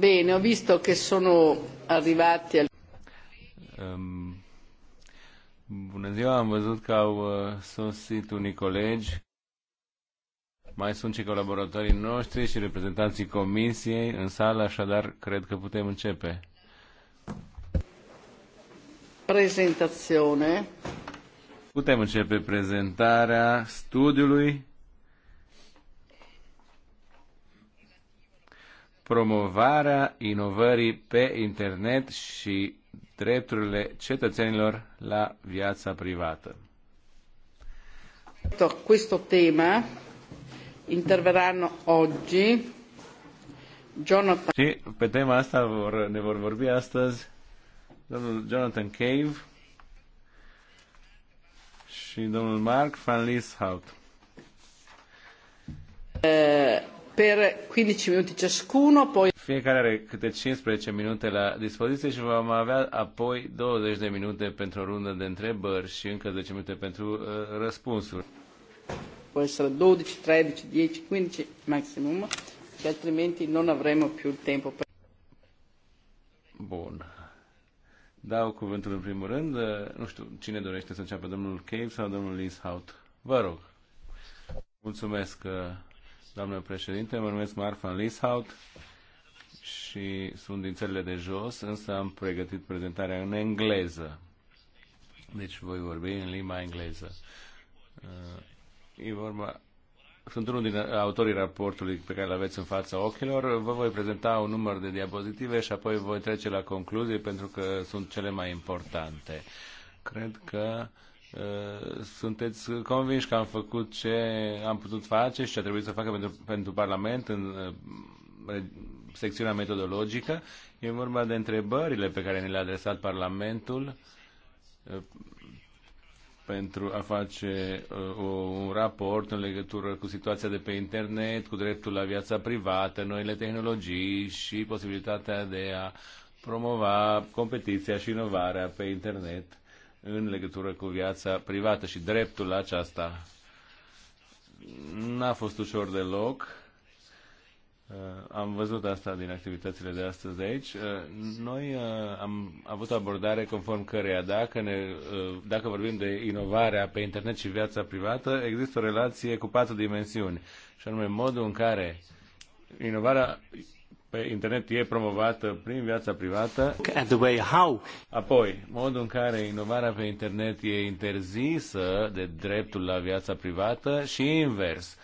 Bene, ho visto che sono arrivati al... Um, bună ziua, am văzut că au uh, sosit unii colegi. Mai sunt și colaboratorii noștri și reprezentanții comisiei în sală, așadar cred că putem începe. Prezentațiune. Putem începe prezentarea studiului promovarea inovării pe internet și drepturile cetățenilor la viața privată. Questo tema interverranno oggi Jonathan... Și pe tema asta vor, ne vor vorbi astăzi domnul Jonathan Cave și domnul Mark van Lieshout. Uh per 15 minuti ciascuno, poi... Fiecare are câte 15 minute la dispoziție și vom avea apoi 20 de minute pentru o rundă de întrebări și încă 10 minute pentru uh, răspunsuri. Può essere 12, 13, 10, 15 maximum, che altrimenti non avremo più il tempo per... Bun. Dau cuvântul în primul rând. Nu știu cine dorește să înceapă, domnul Cave sau domnul Linshout. Vă rog. Mulțumesc. Uh doamnă președinte. Mă numesc Marfa Lishaut și sunt din țările de jos, însă am pregătit prezentarea în engleză. Deci voi vorbi în limba engleză. Uh, e vorba sunt unul din autorii raportului pe care îl aveți în fața ochilor. Vă voi prezenta un număr de diapozitive și apoi voi trece la concluzii pentru că sunt cele mai importante. Cred că uh, Uh, sunteți convinși că am făcut ce am putut face și ce a trebuit să facă pentru, pentru Parlament în uh, secțiunea metodologică. E vorba de întrebările pe care ne le-a adresat Parlamentul uh, pentru a face un raport în legătură cu situația de pe internet, cu dreptul la viața privată, noile tehnologii și posibilitatea de a promova competiția și inovarea pe internet în legătură cu viața privată și dreptul la aceasta. N-a fost ușor deloc. Uh, am văzut asta din activitățile de astăzi de aici. Uh, noi uh, am avut o abordare conform căreia dacă, ne, dacă vorbim de inovarea pe internet și viața privată, există o relație cu patru dimensiuni, și anume modul în care inovarea pe internet e promovată prin viața privată. At the way how. Apoi, modul în care inovarea pe internet e interzisă de dreptul la viața privată și invers.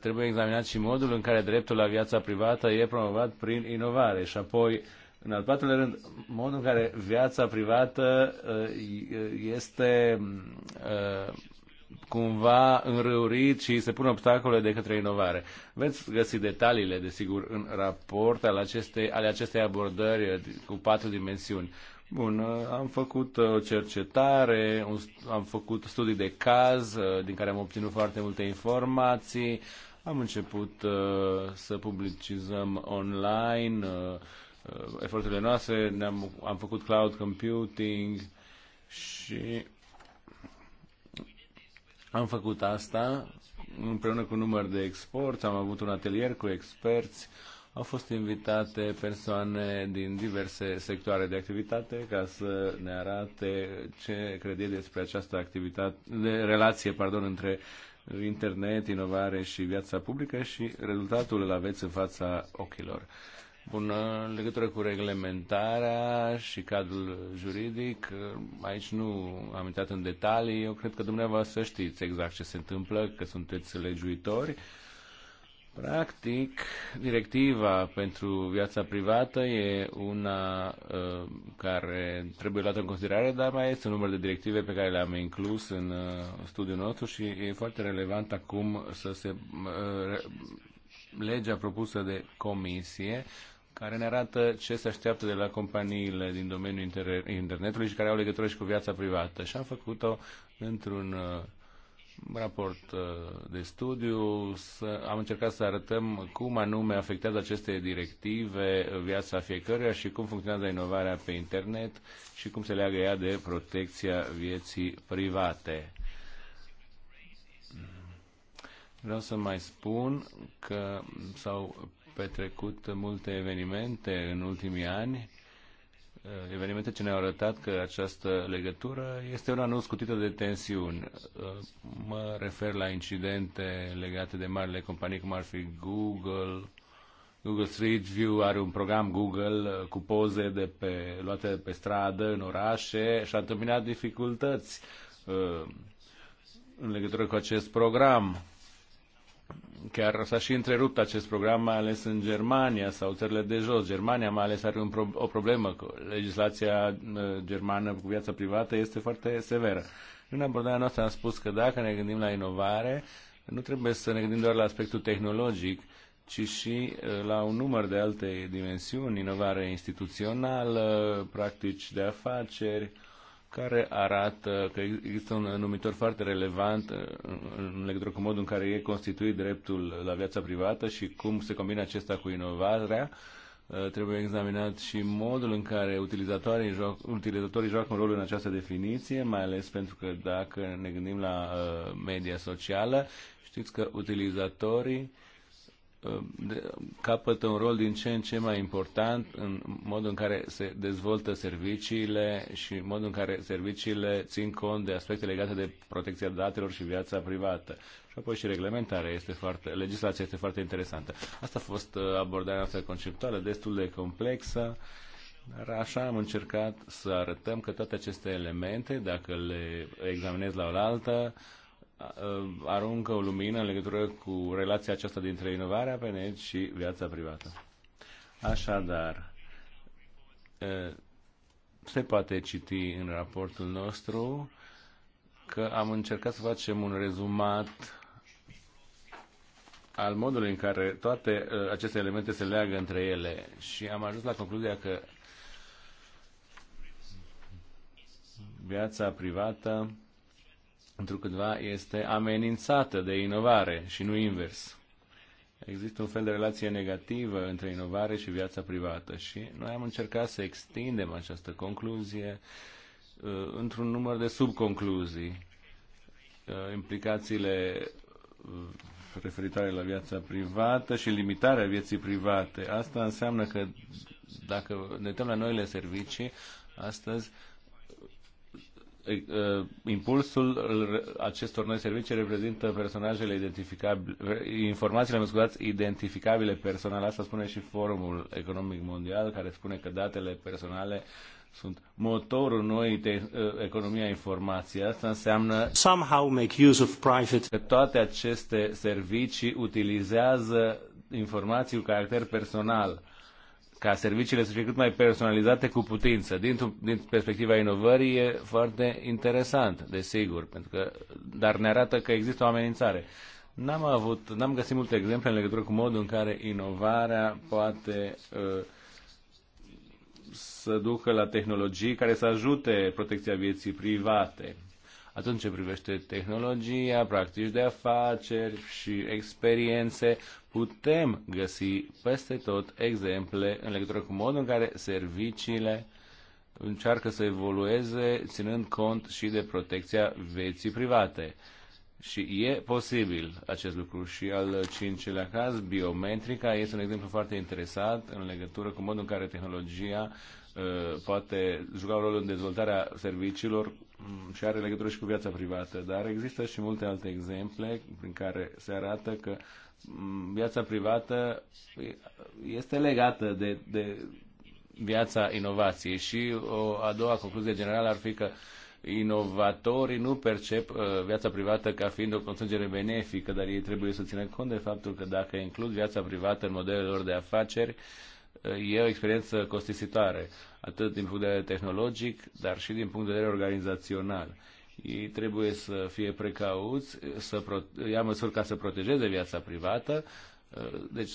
Trebuie examinat și modul în care dreptul la viața privată e promovat prin inovare și apoi în al patrulea rând, modul în care viața privată uh, este uh, cumva înrăurit și se pun obstacole de către inovare. Veți găsi detaliile, desigur, în raport al acestei, ale acestei abordări cu patru dimensiuni. Bun, am făcut o uh, cercetare, am făcut studii de caz, uh, din care am obținut foarte multe informații, am început uh, să publicizăm online eforturile noastre, am am făcut cloud computing și am făcut asta împreună cu număr de exporți, am avut un atelier cu experți, au fost invitate persoane din diverse sectoare de activitate ca să ne arate ce crede despre această activitate, de relație pardon, între internet, inovare și viața publică și rezultatul îl aveți în fața ochilor. Bună, în legătură cu reglementarea și cadrul juridic, aici nu am intrat în detalii, eu cred că dumneavoastră știți exact ce se întâmplă, că sunteți legiuitori. Practic, directiva pentru viața privată e una uh, care trebuie luată în considerare, dar mai este un număr de directive pe care le-am inclus în uh, studiul nostru și e foarte relevant acum să se. Uh, legea propusă de comisie care ne arată ce se așteaptă de la companiile din domeniul internetului și care au legătură și cu viața privată. Și am făcut-o într-un uh, raport uh, de studiu, să, am încercat să arătăm cum anume afectează aceste directive viața fiecăruia și cum funcționează inovarea pe internet și cum se leagă ea de protecția vieții private. Vreau să mai spun că s-au petrecut multe evenimente în ultimii ani, eh, evenimente ce ne-au arătat că această legătură este una nu scutită de tensiuni. Eh, mă refer la incidente legate de marile companii cum ar fi Google, Google Street View are un program Google eh, cu poze de pe, luate de pe stradă, în orașe și a întâmpinat dificultăți în legătură cu acest program Chiar s-a și întrerupt acest program, mai ales în Germania sau țările de jos. Germania mai ales are un pro- o problemă. Legislația uh, germană cu viața privată este foarte severă. În abordarea noastră am spus că dacă ne gândim la inovare, nu trebuie să ne gândim doar la aspectul tehnologic, ci și uh, la un număr de alte dimensiuni, inovare instituțională, practici de afaceri, care arată că există un numitor foarte relevant uh, în legătură cu modul în care e constituit dreptul la viața privată și cum se combină acesta cu inovarea. Uh, trebuie examinat și modul în care utilizatorii joacă, utilizatorii joacă un rol în această definiție, mai ales pentru că dacă ne gândim la uh, media socială, știți că utilizatorii capătă un rol din ce în ce mai important în modul în care se dezvoltă serviciile și în modul în care serviciile țin cont de aspecte legate de protecția datelor și viața privată. Și apoi și reglementarea este foarte, legislația este foarte interesantă. Asta a fost uh, abordarea noastră conceptuală, destul de complexă, dar așa am încercat să arătăm că toate aceste elemente, dacă le examinez la oaltă, Um, aruncă o lumină în legătură cu relația aceasta dintre inovarea pe net și viața privată. Așadar, se poate citi în raportul nostru că am încercat să facem un rezumat al modului în care toate aceste elemente se leagă între ele și am ajuns la concluzia că viața privată întrucâtva este amenințată de inovare și nu invers. Există un fel de relație negativă între inovare și viața privată și noi am încercat să extindem această concluzie uh, într-un număr de subconcluzii. Uh, implicațiile uh, referitoare la viața privată și limitarea vieții private. Asta înseamnă că dacă ne uităm la noile servicii, astăzi Uh, impulsul acestor noi servicii reprezintă personajele identificabile, informațiile, mă scuzați, identificabile personale. Asta spune și Forumul Economic Mondial, care spune că datele personale sunt motorul noi de uh, economia informației. Asta înseamnă somehow make use of private. că toate aceste servicii utilizează informații cu caracter personal ca serviciile să fie cât mai personalizate cu putință. Din, din perspectiva inovării e foarte interesant, desigur, pentru că, dar ne arată că există o amenințare. N-am, avut, n-am găsit multe exemple în legătură cu modul în care inovarea poate uh, să ducă la tehnologii care să ajute protecția vieții private. Atunci ce privește tehnologia, practici de afaceri și experiențe, putem găsi peste tot exemple în legătură cu modul în care serviciile încearcă să evolueze ținând cont și de protecția vieții private. Și e posibil acest lucru. Și al cincilea caz, biometrica, este un exemplu foarte interesant în legătură cu modul în care tehnologia uh, poate juca un rol în dezvoltarea serviciilor și are legătură și cu viața privată. Dar există și multe alte exemple prin care se arată că viața privată este legată de, de viața inovației și o a doua concluzie generală ar fi că inovatorii nu percep uh, viața privată ca fiind o constrângere benefică, dar ei trebuie să țină cont de faptul că dacă includ viața privată în modelele lor de afaceri, uh, e o experiență costisitoare, atât din punct de vedere tehnologic, dar și din punct de vedere organizațional ei trebuie să fie precauți, să ia măsuri ca să protejeze viața privată. Deci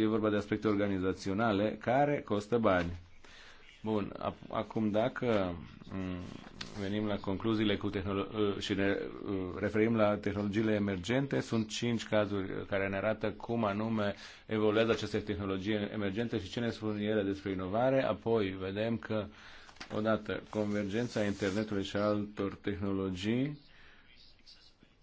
e vorba de aspecte organizaționale care costă bani. Bun, acum dacă mm, venim la concluziile cu tehnolo- uh, și ne uh, referim la tehnologiile emergente, sunt cinci cazuri care ne arată cum anume evoluează aceste tehnologii emergente și ce ne spun ele despre inovare. Apoi vedem că uh, Odată, convergența internetului și altor tehnologii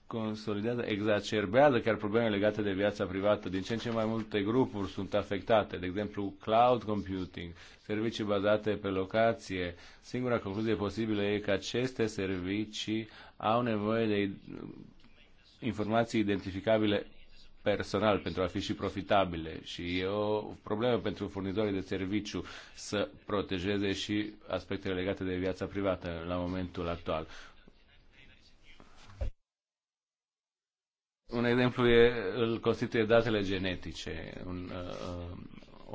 consolidează, exacerbează chiar probleme legate de viața privată. Din ce în ce mai multe grupuri sunt afectate, de exemplu cloud computing, servicii bazate pe locație. Singura concluzie posibilă e că aceste servicii au nevoie de informații identificabile personal pentru a fi și profitabile și e o problemă pentru furnizorii de serviciu să protejeze și aspectele legate de viața privată la momentul actual. Un exemplu e, îl constituie datele genetice. Un, uh,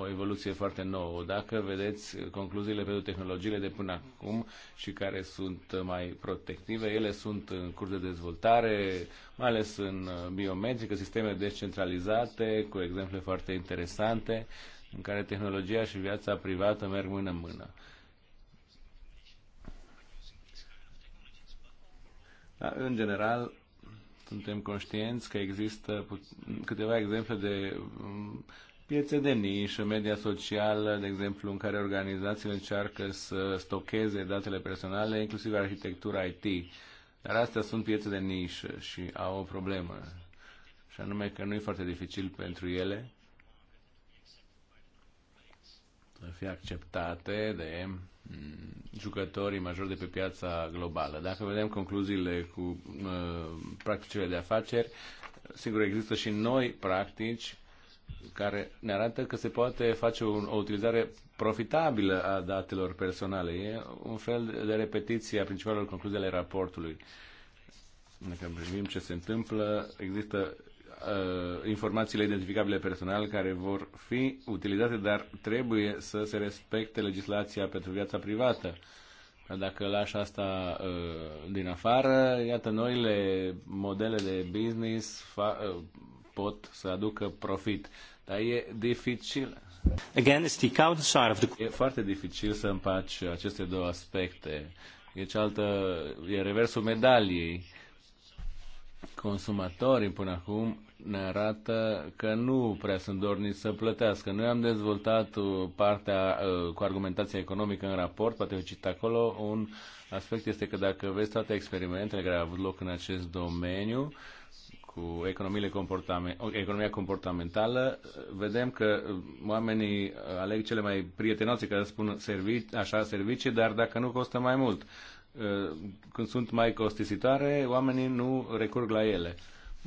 o evoluție foarte nouă. Dacă vedeți concluziile pentru tehnologiile de până acum și care sunt mai protective, ele sunt în curs de dezvoltare, mai ales în biomedică, sisteme descentralizate, cu exemple foarte interesante, în care tehnologia și viața privată merg mână în mână. Da, în general, suntem conștienți că există câteva exemple de piețe de nișă, media socială, de exemplu, în care organizațiile încearcă să stocheze datele personale, inclusiv arhitectura IT. Dar astea sunt piețe de nișă și au o problemă. Și anume că nu e foarte dificil pentru ele să fie acceptate de mm, jucătorii majori de pe piața globală. Dacă vedem concluziile cu uh, practicile de afaceri, sigur există și noi practici care ne arată că se poate face un, o utilizare profitabilă a datelor personale. E un fel de repetiție a principalelor concluzii ale raportului. Dacă privim ce se întâmplă, există uh, informațiile identificabile personal care vor fi utilizate, dar trebuie să se respecte legislația pentru viața privată. Dacă lași asta uh, din afară, iată, noile modele de business fa- uh, pot să aducă profit. Dar e dificil. Again, it's the counter of the... E foarte dificil să împaci aceste două aspecte. E cealaltă, e reversul medaliei. Consumatorii până acum ne arată că nu prea sunt dorniți să plătească. Noi am dezvoltat partea ă, cu argumentația economică în raport, poate o cit acolo, un aspect este că dacă vezi toate experimentele care au avut loc în acest domeniu, uh, cu economiile comportament, economia comportamentală, vedem că oamenii aleg cele mai prietenoase, care spun servici, așa servicii, dar dacă nu costă mai mult. Uh, când sunt mai costisitoare, oamenii nu recurg la ele.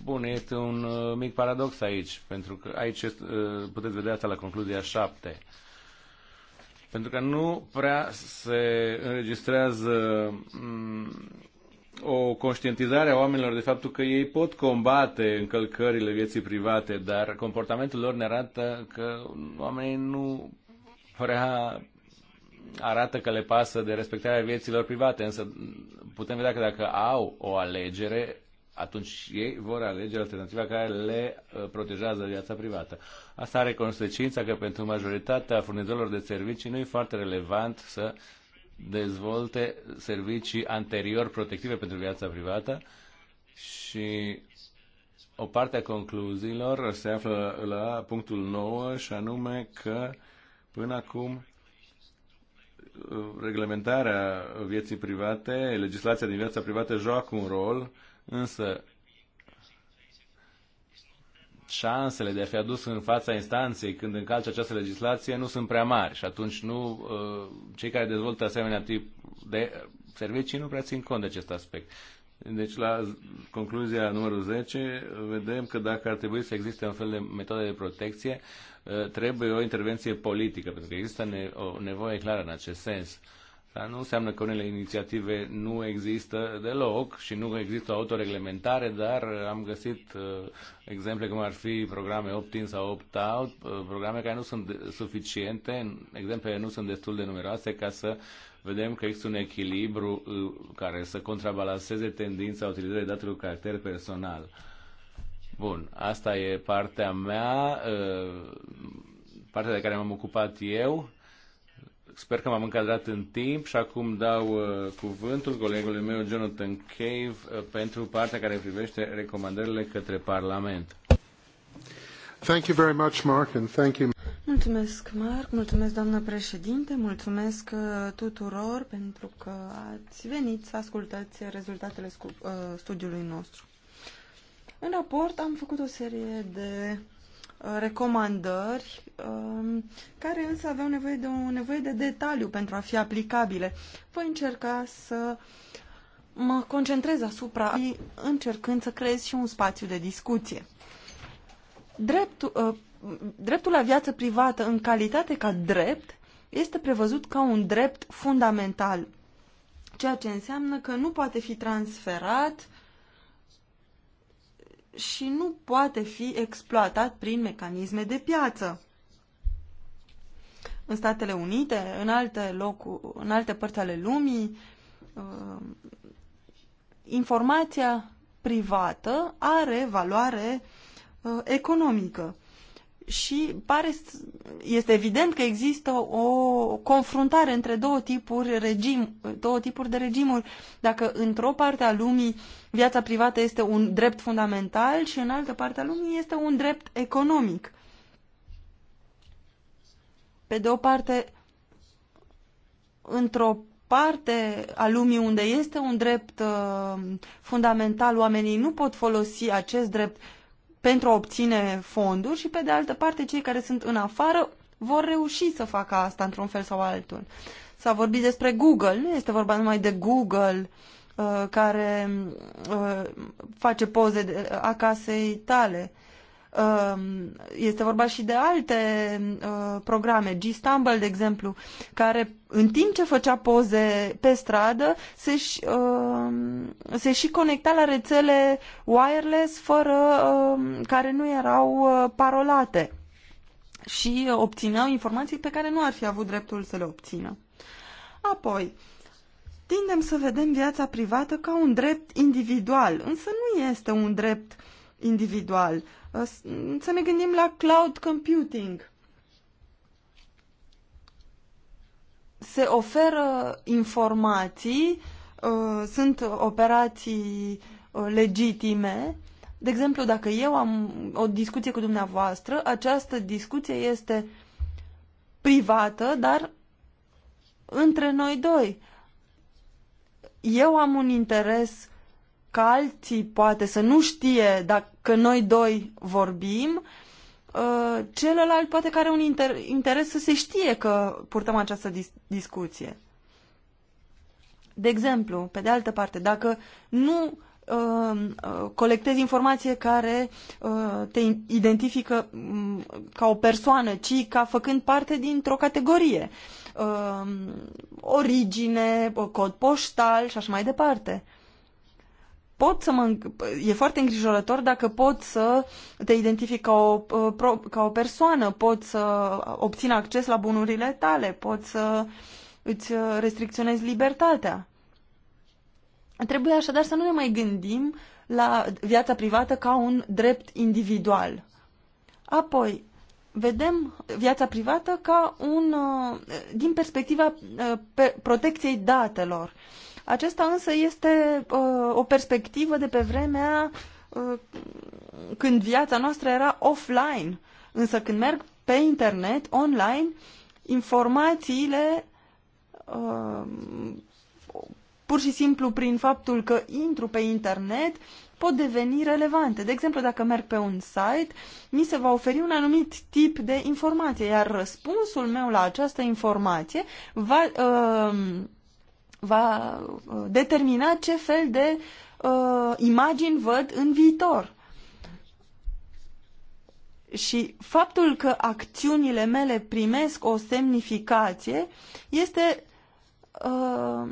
Bun, este un uh, mic paradox aici, pentru că aici uh, puteți vedea asta la concluzia 7 pentru că nu prea se înregistrează mm, o conștientizare a oamenilor de faptul că ei pot combate încălcările vieții private, dar comportamentul lor ne arată că oamenii nu prea arată că le pasă de respectarea vieților private, însă putem vedea că dacă au o alegere, atunci ei vor alege alternativa care le uh, protejează viața privată. Asta are consecința că pentru majoritatea furnizorilor de servicii nu e foarte relevant să dezvolte servicii anterior protective pentru viața privată și o parte a concluziilor se află la punctul 9 și anume că până acum reglementarea vieții private, legislația din viața privată joacă un rol, însă șansele de a fi adus în fața instanței când încalce această legislație nu sunt prea mari și atunci nu, uh, cei care dezvoltă asemenea tip de servicii nu prea țin cont de acest aspect. Deci la concluzia numărul 10 vedem că dacă ar trebui să existe un fel de metode de protecție, uh, trebuie o intervenție politică, pentru că există o nevoie clară în acest sens. Dar nu înseamnă că unele inițiative nu există deloc și nu există autoreglementare, dar am găsit uh, exemple cum ar fi programe opt-in sau opt-out, uh, programe care nu sunt suficiente, exemple nu sunt destul de numeroase ca să vedem că există un echilibru uh, care să contrabalanceze tendința utilizării datelor cu caracter personal. Bun, asta e partea mea, partea de care m-am ocupat eu Sper că m-am încadrat în timp și acum dau uh, cuvântul colegului meu, Jonathan Cave, uh, pentru partea care privește recomandările către Parlament. Thank you very much, Mark, and thank you. Mulțumesc, Marc, mulțumesc, doamnă președinte, mulțumesc uh, tuturor pentru că ați venit să ascultați rezultatele studiului nostru. În raport am făcut o serie de Uh, recomandări um, care însă aveau nevoie de o nevoie de detaliu pentru a fi aplicabile. Voi încerca să mă concentrez asupra încercând să creez și un spațiu de discuție. Dreptul, uh, dreptul la viață privată în calitate ca drept este prevăzut ca un drept fundamental, ceea ce înseamnă că nu poate fi transferat și nu poate fi exploatat prin mecanisme de piață. În Statele Unite, în alte, locuri, în alte părți ale lumii, uh, informația privată are valoare uh, economică și pare, este evident că există o confruntare între două tipuri, regim, două tipuri de regimuri. Dacă într-o parte a lumii viața privată este un drept fundamental și în altă parte a lumii este un drept economic. Pe de o parte, într-o parte a lumii unde este un drept uh, fundamental, oamenii nu pot folosi acest drept pentru a obține fonduri și, pe de altă parte, cei care sunt în afară vor reuși să facă asta într-un fel sau altul. S-a vorbit despre Google, nu este vorba numai de Google uh, care uh, face poze de, a casei tale. Um, este vorba și de alte uh, programe, G-Stumble, de exemplu, care în timp ce făcea poze pe stradă, se și, um, se și conecta la rețele wireless fără, um, care nu erau uh, parolate și obțineau informații pe care nu ar fi avut dreptul să le obțină. Apoi, tindem să vedem viața privată ca un drept individual, însă nu este un drept individual. Să ne gândim la cloud computing. Se oferă informații, uh, sunt operații uh, legitime. De exemplu, dacă eu am o discuție cu dumneavoastră, această discuție este privată, dar între noi doi. Eu am un interes că alții poate să nu știe dacă, că noi doi vorbim, uh, celălalt poate că are un inter interes să se știe că purtăm această dis discuție. De exemplu, pe de altă parte, dacă nu uh, colectezi informație care uh, te identifică mm, ca o persoană, ci ca făcând parte dintr-o categorie. Origine, cod poștal și așa mai departe pot să mă, e foarte îngrijorător dacă pot să te identific ca o, ca o persoană, pot să obțin acces la bunurile tale, pot să îți restricționezi libertatea. Trebuie așadar să nu ne mai gândim la viața privată ca un drept individual. Apoi, vedem viața privată ca un, uh, din perspectiva uh, protecției datelor. Uh, acesta însă este uh, o perspectivă de pe vremea uh, când viața noastră era offline. Însă când merg pe internet, online, informațiile uh, pur și simplu prin faptul că intru pe internet pot deveni relevante. De exemplu, dacă merg pe un site, mi se va oferi un anumit tip de informație, iar răspunsul meu la această informație va uh, va uh, determina ce fel de uh, imagini văd în viitor. Și faptul că acțiunile mele primesc o semnificație este uh,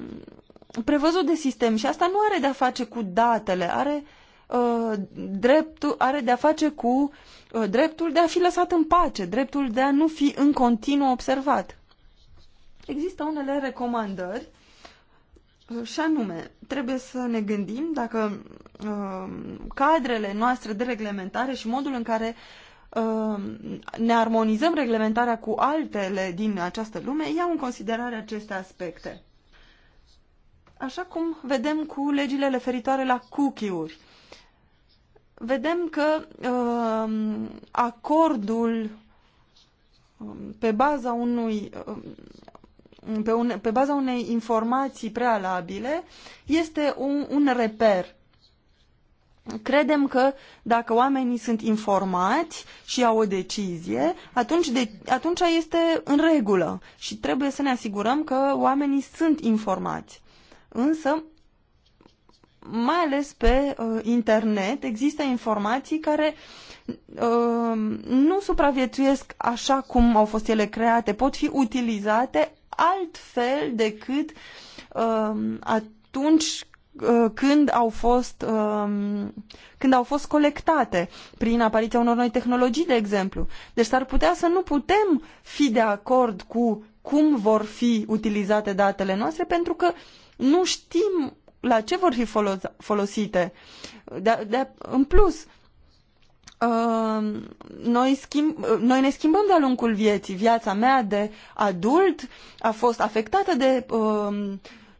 prevăzut de sistem și asta nu are de-a face cu datele, are, uh, dreptul, are de-a face cu uh, dreptul de a fi lăsat în pace, dreptul de a nu fi în continuu observat. Există unele recomandări și anume, trebuie să ne gândim dacă uh, cadrele noastre de reglementare și modul în care uh, ne armonizăm reglementarea cu altele din această lume iau în considerare aceste aspecte. Așa cum vedem cu legile referitoare la cookie-uri. Vedem că uh, acordul uh, pe baza unui uh, pe, un, pe baza unei informații prealabile, este un, un reper. Credem că dacă oamenii sunt informați și au o decizie, atunci, de, atunci este în regulă și trebuie să ne asigurăm că oamenii sunt informați. Însă, mai ales pe uh, internet, există informații care uh, nu supraviețuiesc așa cum au fost ele create, pot fi utilizate altfel decât um, uh, atunci când au fost um, când au fost colectate prin apariția unor noi tehnologii, de exemplu. Deci s-ar putea să nu putem fi de acord cu cum vor fi utilizate datele noastre pentru că nu știm la ce vor fi folosite. De, de, în plus, Ehm, noi, schimb, noi ne schimbăm de-a lungul vieții. Viața mea de adult a fost afectată de uh,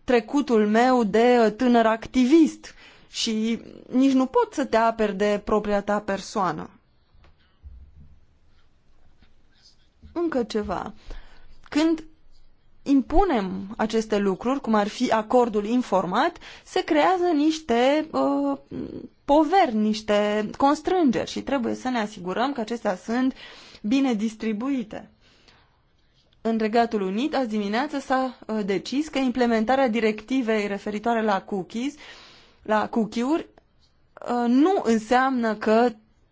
trecutul meu de eh, tânăr activist și nici nu pot să te aperi de propria ta persoană. Încă ceva. Când impunem aceste lucruri, cum ar fi acordul informat, se creează niște uh, poveri, niște constrângeri și trebuie să ne asigurăm că acestea sunt bine distribuite. În Regatul Unit, azi dimineață s-a uh, decis că implementarea directivei referitoare la cookies, la cookie-uri, uh, nu înseamnă că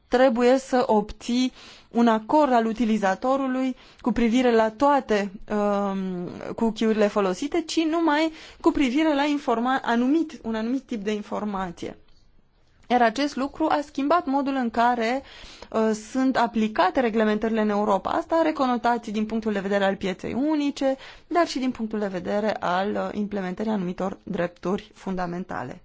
trebuie să obții un acord al utilizatorului cu privire la toate um, cookie-urile folosite, ci numai cu privire la informa- anumit, un anumit tip de informație. Iar acest lucru a schimbat modul în care uh, sunt aplicate reglementările în Europa. Asta are conotații din punctul de vedere al pieței unice, dar și din punctul de vedere al uh, implementării anumitor drepturi fundamentale.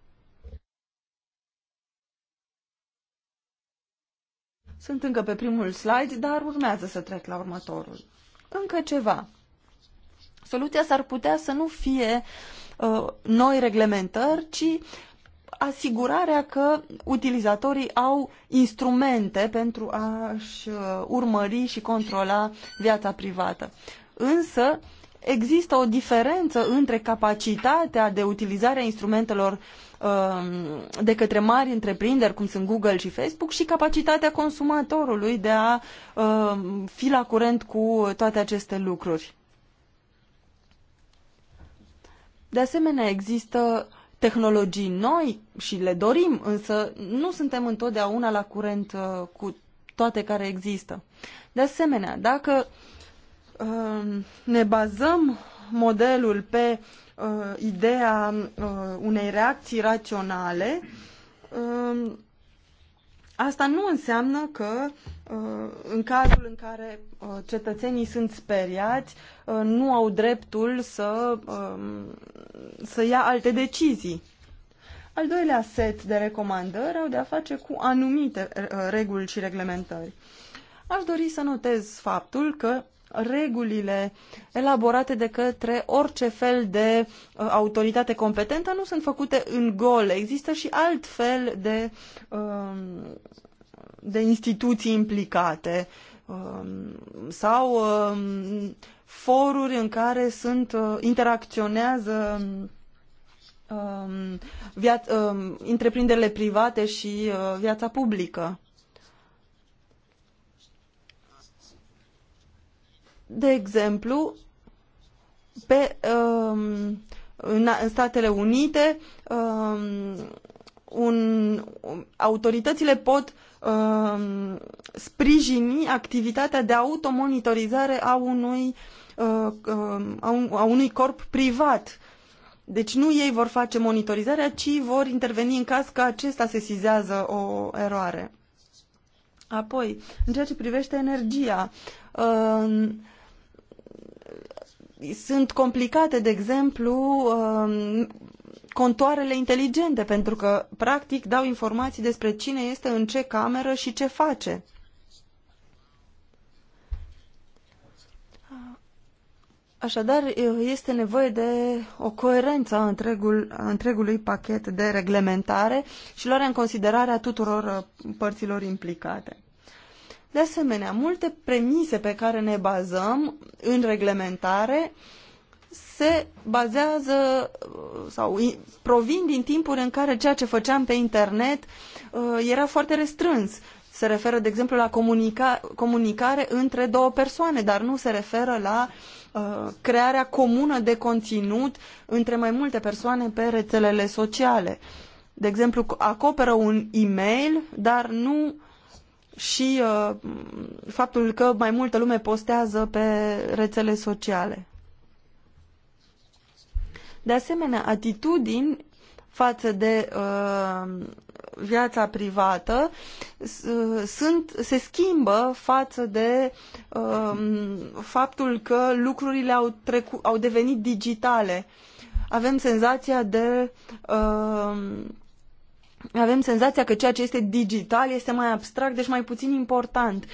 Sunt încă pe primul slide, dar urmează să trec la următorul. Încă ceva. Soluția s-ar putea să nu fie uh, noi reglementări, ci asigurarea că utilizatorii au instrumente pentru a-și uh, urmări și controla viața privată. Însă, există o diferență între capacitatea de utilizare a instrumentelor Um, de către mari întreprinderi, cum sunt Google și Facebook, și capacitatea consumatorului de a um, fi la curent cu toate aceste lucruri. De asemenea, există tehnologii noi și le dorim, însă nu suntem întotdeauna la curent uh, cu toate care există. De asemenea, dacă um, ne bazăm modelul pe uh, ideea uh, unei reacții raționale, uh, asta nu înseamnă că uh, în cazul în care uh, cetățenii sunt speriați, uh, nu au dreptul să, um, să ia alte decizii. Al doilea set de recomandări au de-a face cu anumite reguli și reglementări. Aș dori să notez faptul că regulile elaborate de către orice fel de uh, autoritate competentă nu sunt făcute în gol. Există și alt fel de, uh, de instituții implicate uh, sau uh, foruri în care sunt uh, interacționează uh, uh, întreprinderile private și uh, viața publică de exemplu, pe, um, în Statele Unite, um, un, um, autoritățile pot um, sprijini activitatea de automonitorizare a unui, uh, um, a, un, a unui corp privat. Deci nu ei vor face monitorizarea, ci vor interveni în caz că acesta sesizează o eroare. Apoi, în ceea ce privește energia, uh, sunt complicate, de exemplu, um, contoarele inteligente, pentru că, practic, dau informații despre cine este în ce cameră și ce face. Așadar, este nevoie de o coerență a, întregul, întregului pachet de reglementare și luarea în considerare a tuturor uh, părților implicate. De asemenea, multe premise pe care ne bazăm în reglementare se bazează uh, sau provin din timpuri în care ceea ce făceam pe internet uh, era foarte restrâns. Se referă, de exemplu, la comunica comunicare între două persoane, dar nu se referă la uh, crearea comună de conținut între mai multe persoane pe rețelele sociale. De exemplu, acoperă un e-mail, dar nu uh, și uh, faptul că mai multă lume postează pe rețele sociale. De asemenea, atitudini față de uh, viața privată uh, sunt, se schimbă față de uh, faptul că lucrurile au, trecu, au devenit digitale. Avem senzația de uh, avem senzația că ceea ce este digital este mai abstract, deci mai puțin important.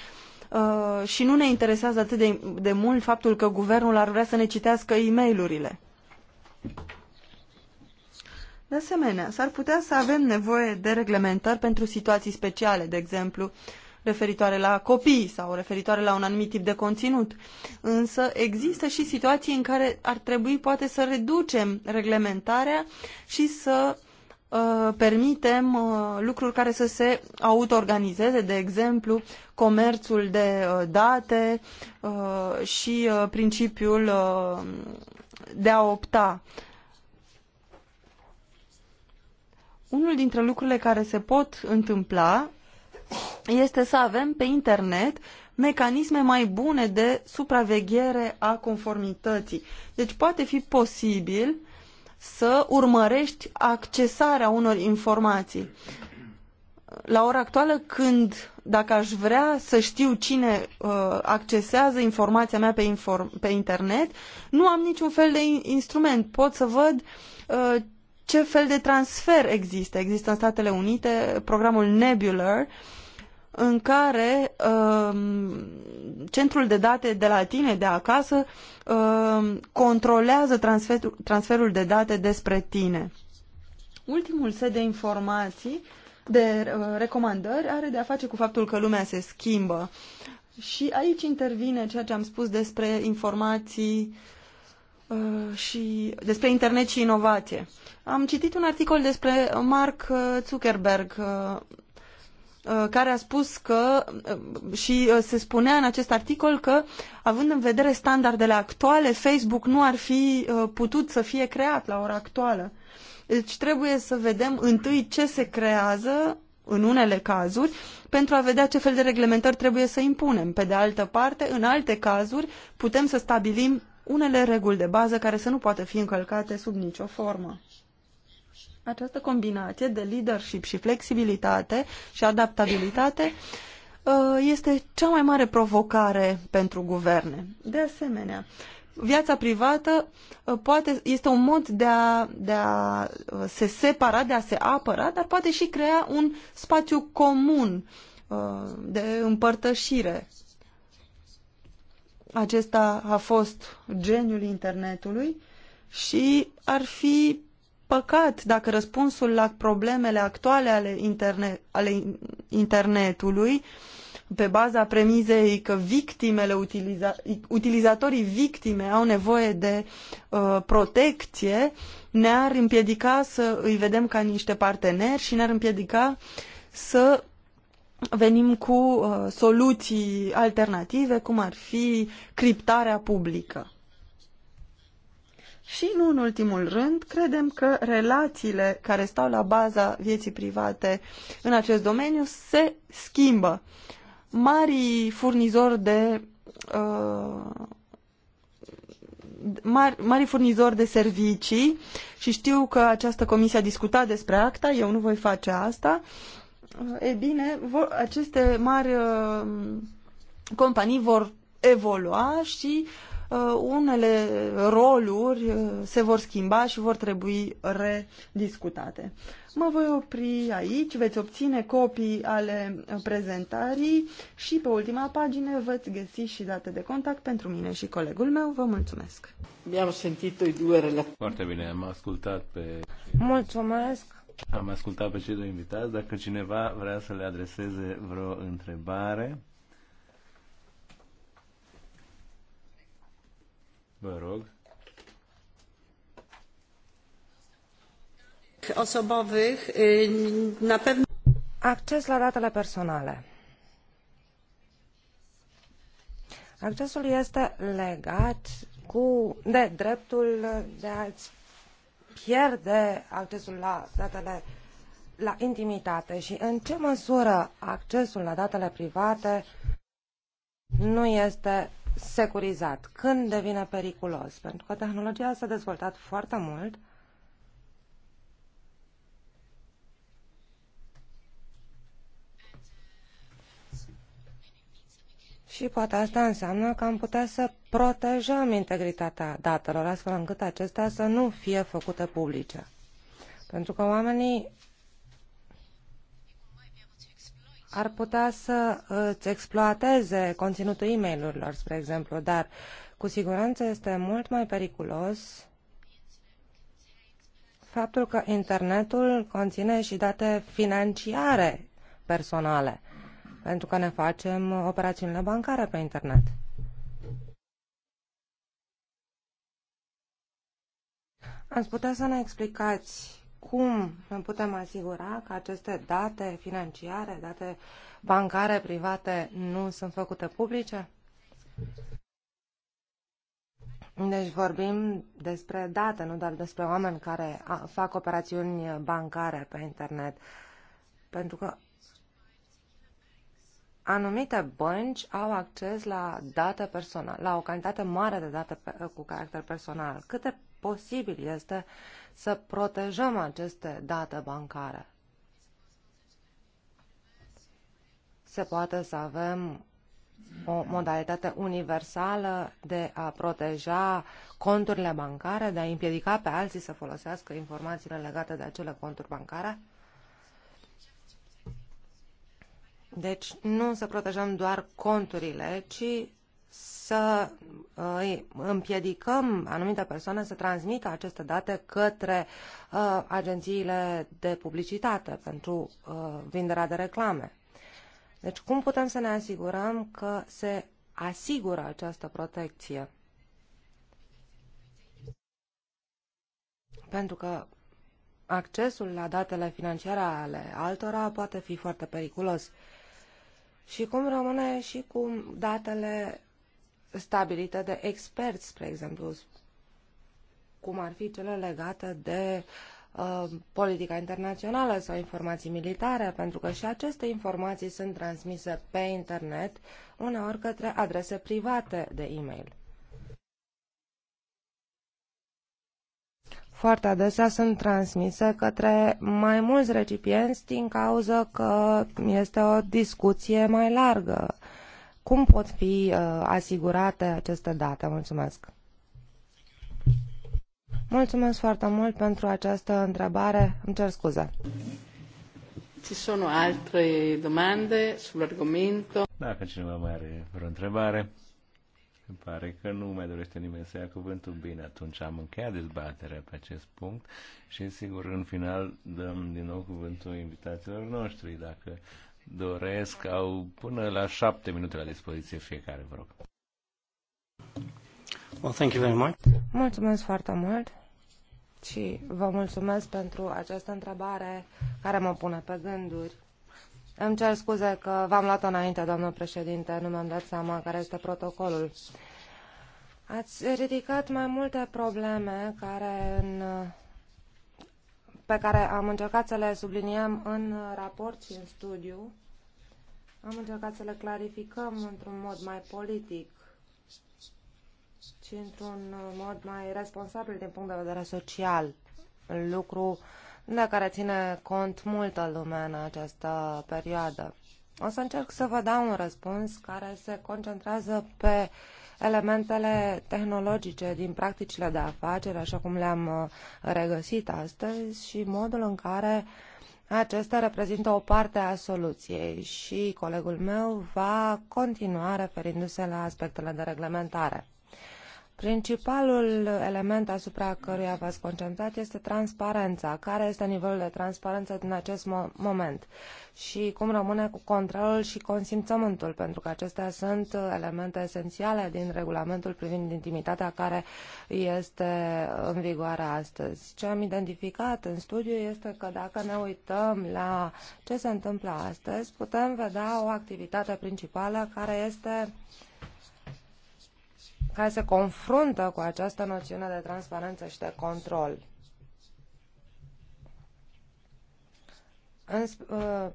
Uh, și nu ne interesează atât de, de mult faptul că guvernul ar vrea să ne citească e mail De asemenea, s-ar putea să avem nevoie de reglementări pentru situații speciale, de exemplu, referitoare la copii sau referitoare la un anumit tip de conținut. Însă există și situații în care ar trebui poate să reducem reglementarea și să Uh, permitem uh, lucruri care să se autoorganizeze, de exemplu, comerțul de uh, date și principiul de a opta. Unul dintre lucrurile care se pot întâmpla este să avem pe internet mecanisme mai bune de supraveghere a conformității. Deci poate fi posibil să urmărești accesarea unor informații. La ora actuală, când, dacă aș vrea să știu cine uh, accesează informația mea pe, inform- pe internet, nu am niciun fel de in- instrument. Pot să văd uh, ce fel de transfer există. Există în Statele Unite programul Nebular, uh, în care um, centrul de date de la tine, de acasă, um, controlează transfer, transferul de date despre tine. Ultimul set de informații, de uh, recomandări, are de a face cu faptul că lumea se schimbă. Și aici intervine ceea ce am spus despre informații uh, și despre internet și inovație. Am citit un articol despre Mark Zuckerberg, uh, Uh, care a spus că uh, și uh, se spunea în acest articol că, având în vedere standardele actuale, Facebook nu ar fi putut să fie creat la ora actuală. Deci trebuie să vedem întâi ce se creează în unele cazuri, pentru a vedea ce fel de reglementări trebuie să impunem. Pe de altă parte, în alte cazuri, putem să stabilim unele reguli de bază care să nu poată fi încălcate sub nicio formă. Această combinație de leadership și flexibilitate și adaptabilitate uh, este cea mai mare provocare pentru guverne. De asemenea, viața privată uh, poate, este un mod de a, de a uh, se separa, de a se apăra, dar poate și crea un spațiu comun de împărtășire. Acesta a fost geniul internetului și ar fi păcat dacă răspunsul la problemele actuale ale, ale internetului pe baza premizei că victimele utiliza, utilizatorii victime au nevoie de uh, protecție ne-ar împiedica să îi vedem ca niște parteneri și ne-ar împiedica să venim cu uh, soluții alternative, cum ar fi criptarea publică. Și nu în ultimul rând, credem că relațiile care stau la baza vieții private în acest domeniu se schimbă. Marii furnizori de uh, mari, mari furnizori de servicii și știu că această comisie a discutat despre acta, eu nu voi face asta. Uh, e bine, vor, aceste mari uh, companii vor evolua și uh, Uh, unele roluri uh, se vor schimba și vor trebui rediscutate. Mă voi opri aici, veți obține copii ale prezentării și pe ultima pagină veți găsi și date de contact pentru mine și colegul meu. Vă mulțumesc! Mi-am sentit i duerele. Foarte bine, am ascultat pe... Mulțumesc! Am ascultat pe cei doi invitați. Dacă cineva vrea să le adreseze vreo întrebare... Vă rog. osobowych na pewno... Acces la datele personale. Accesul este legat cu, de dreptul de a-ți pierde accesul la datele la intimitate și în ce măsură accesul la datele private nu este securizat, când devine periculos, pentru că tehnologia s-a dezvoltat foarte mult Și poate asta înseamnă că am putea să protejăm integritatea datelor, astfel încât acestea să nu fie făcute publice. Pentru că oamenii ar putea să îți exploateze conținutul e mail spre exemplu, dar cu siguranță este mult mai periculos faptul că internetul conține și date financiare personale, pentru că ne facem operațiunile bancare pe internet. Ați putea să ne explicați cum ne putem asigura că aceste date financiare, date bancare private nu sunt făcute publice? Deci vorbim despre date, nu doar despre oameni care fac operațiuni bancare pe internet. Pentru că anumite bănci au acces la date personale, la o cantitate mare de date cu caracter personal. Câte posibil este să protejăm aceste date bancare. Se poate să avem o modalitate universală de a proteja conturile bancare, de a împiedica pe alții să folosească informațiile legate de acele conturi bancare? Deci nu să protejăm doar conturile, ci să împiedicăm anumite persoane să transmită aceste date către uh, agențiile de publicitate pentru uh, vinderea de reclame. Deci cum putem să ne asigurăm că se asigură această protecție? Pentru că accesul la datele financiare ale altora poate fi foarte periculos. Și cum rămâne și cu datele stabilită de experți, spre exemplu, cum ar fi cele legate de uh, politica internațională sau informații militare, pentru că și aceste informații sunt transmise pe internet, uneori către adrese private de e-mail. foarte adesea sunt transmise către mai mulți recipienți din cauza că este o discuție mai largă cum pot fi uh, asigurate aceste date? Mulțumesc! Mulțumesc foarte mult pentru această întrebare. Îmi cer scuze. Ci sono altre domande sull'argomento? Dacă cineva mai are vreo întrebare, îmi pare că nu mai dorește nimeni să ia cuvântul bine. Atunci am încheiat dezbaterea pe acest punct și, sigur, în final dăm din nou cuvântul invitațiilor noștri. Dacă doresc au până la șapte minute la dispoziție fiecare, vă rog. Well, thank you very much. Mulțumesc foarte mult și vă mulțumesc pentru această întrebare care mă pune pe gânduri. Îmi cer scuze că v-am luat înainte, domnul președinte, nu mi-am dat seama care este protocolul. Ați ridicat mai multe probleme care în pe care am încercat să le subliniem în raport și în studiu. Am încercat să le clarificăm într-un mod mai politic și într-un mod mai responsabil din punct de vedere social. Lucru de care ține cont multă lume în această perioadă. O să încerc să vă dau un răspuns care se concentrează pe uh, elementele tehnologice din practicile de afaceri, așa cum le-am uh, regăsit astăzi, și modul în care acesta reprezintă o parte a soluției și colegul meu va continua referindu-se la aspectele de reglementare. Principalul element asupra căruia v-ați concentrat este transparența. Care este nivelul de transparență din acest mo moment? Și cum rămâne cu controlul și consimțământul? Pentru că acestea sunt elemente esențiale din regulamentul privind intimitatea care este în vigoare astăzi. Ce am identificat în studiu este că dacă ne uităm la ce se întâmplă astăzi, putem vedea o activitate principală care este uh, care se confruntă cu această noțiune de transparență și de control. În, uh,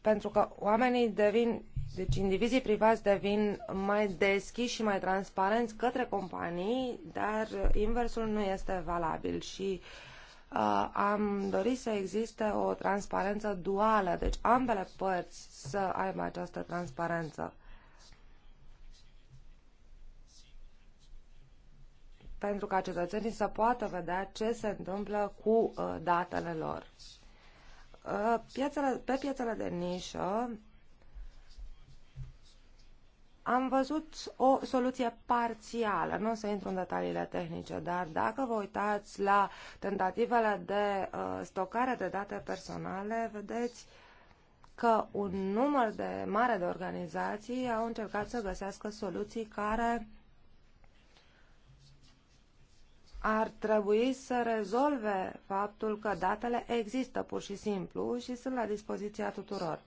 pentru că oamenii devin, deci indivizii privați devin mai deschiși și mai transparenți către companii, dar inversul nu este valabil și uh, am dorit să existe o transparență duală, deci ambele părți să aibă această transparență. pentru ca cetățenii să poată vedea ce se întâmplă cu uh, datele lor. Uh, piețele, pe piețele de nișă am văzut o soluție parțială, nu o să intru în detaliile tehnice, dar dacă vă uitați la tentativele de uh, stocare de date personale, vedeți că un număr de mare de organizații au încercat să găsească soluții care uh, ar trebui să rezolve faptul că datele există pur și simplu și sunt la dispoziția tuturor.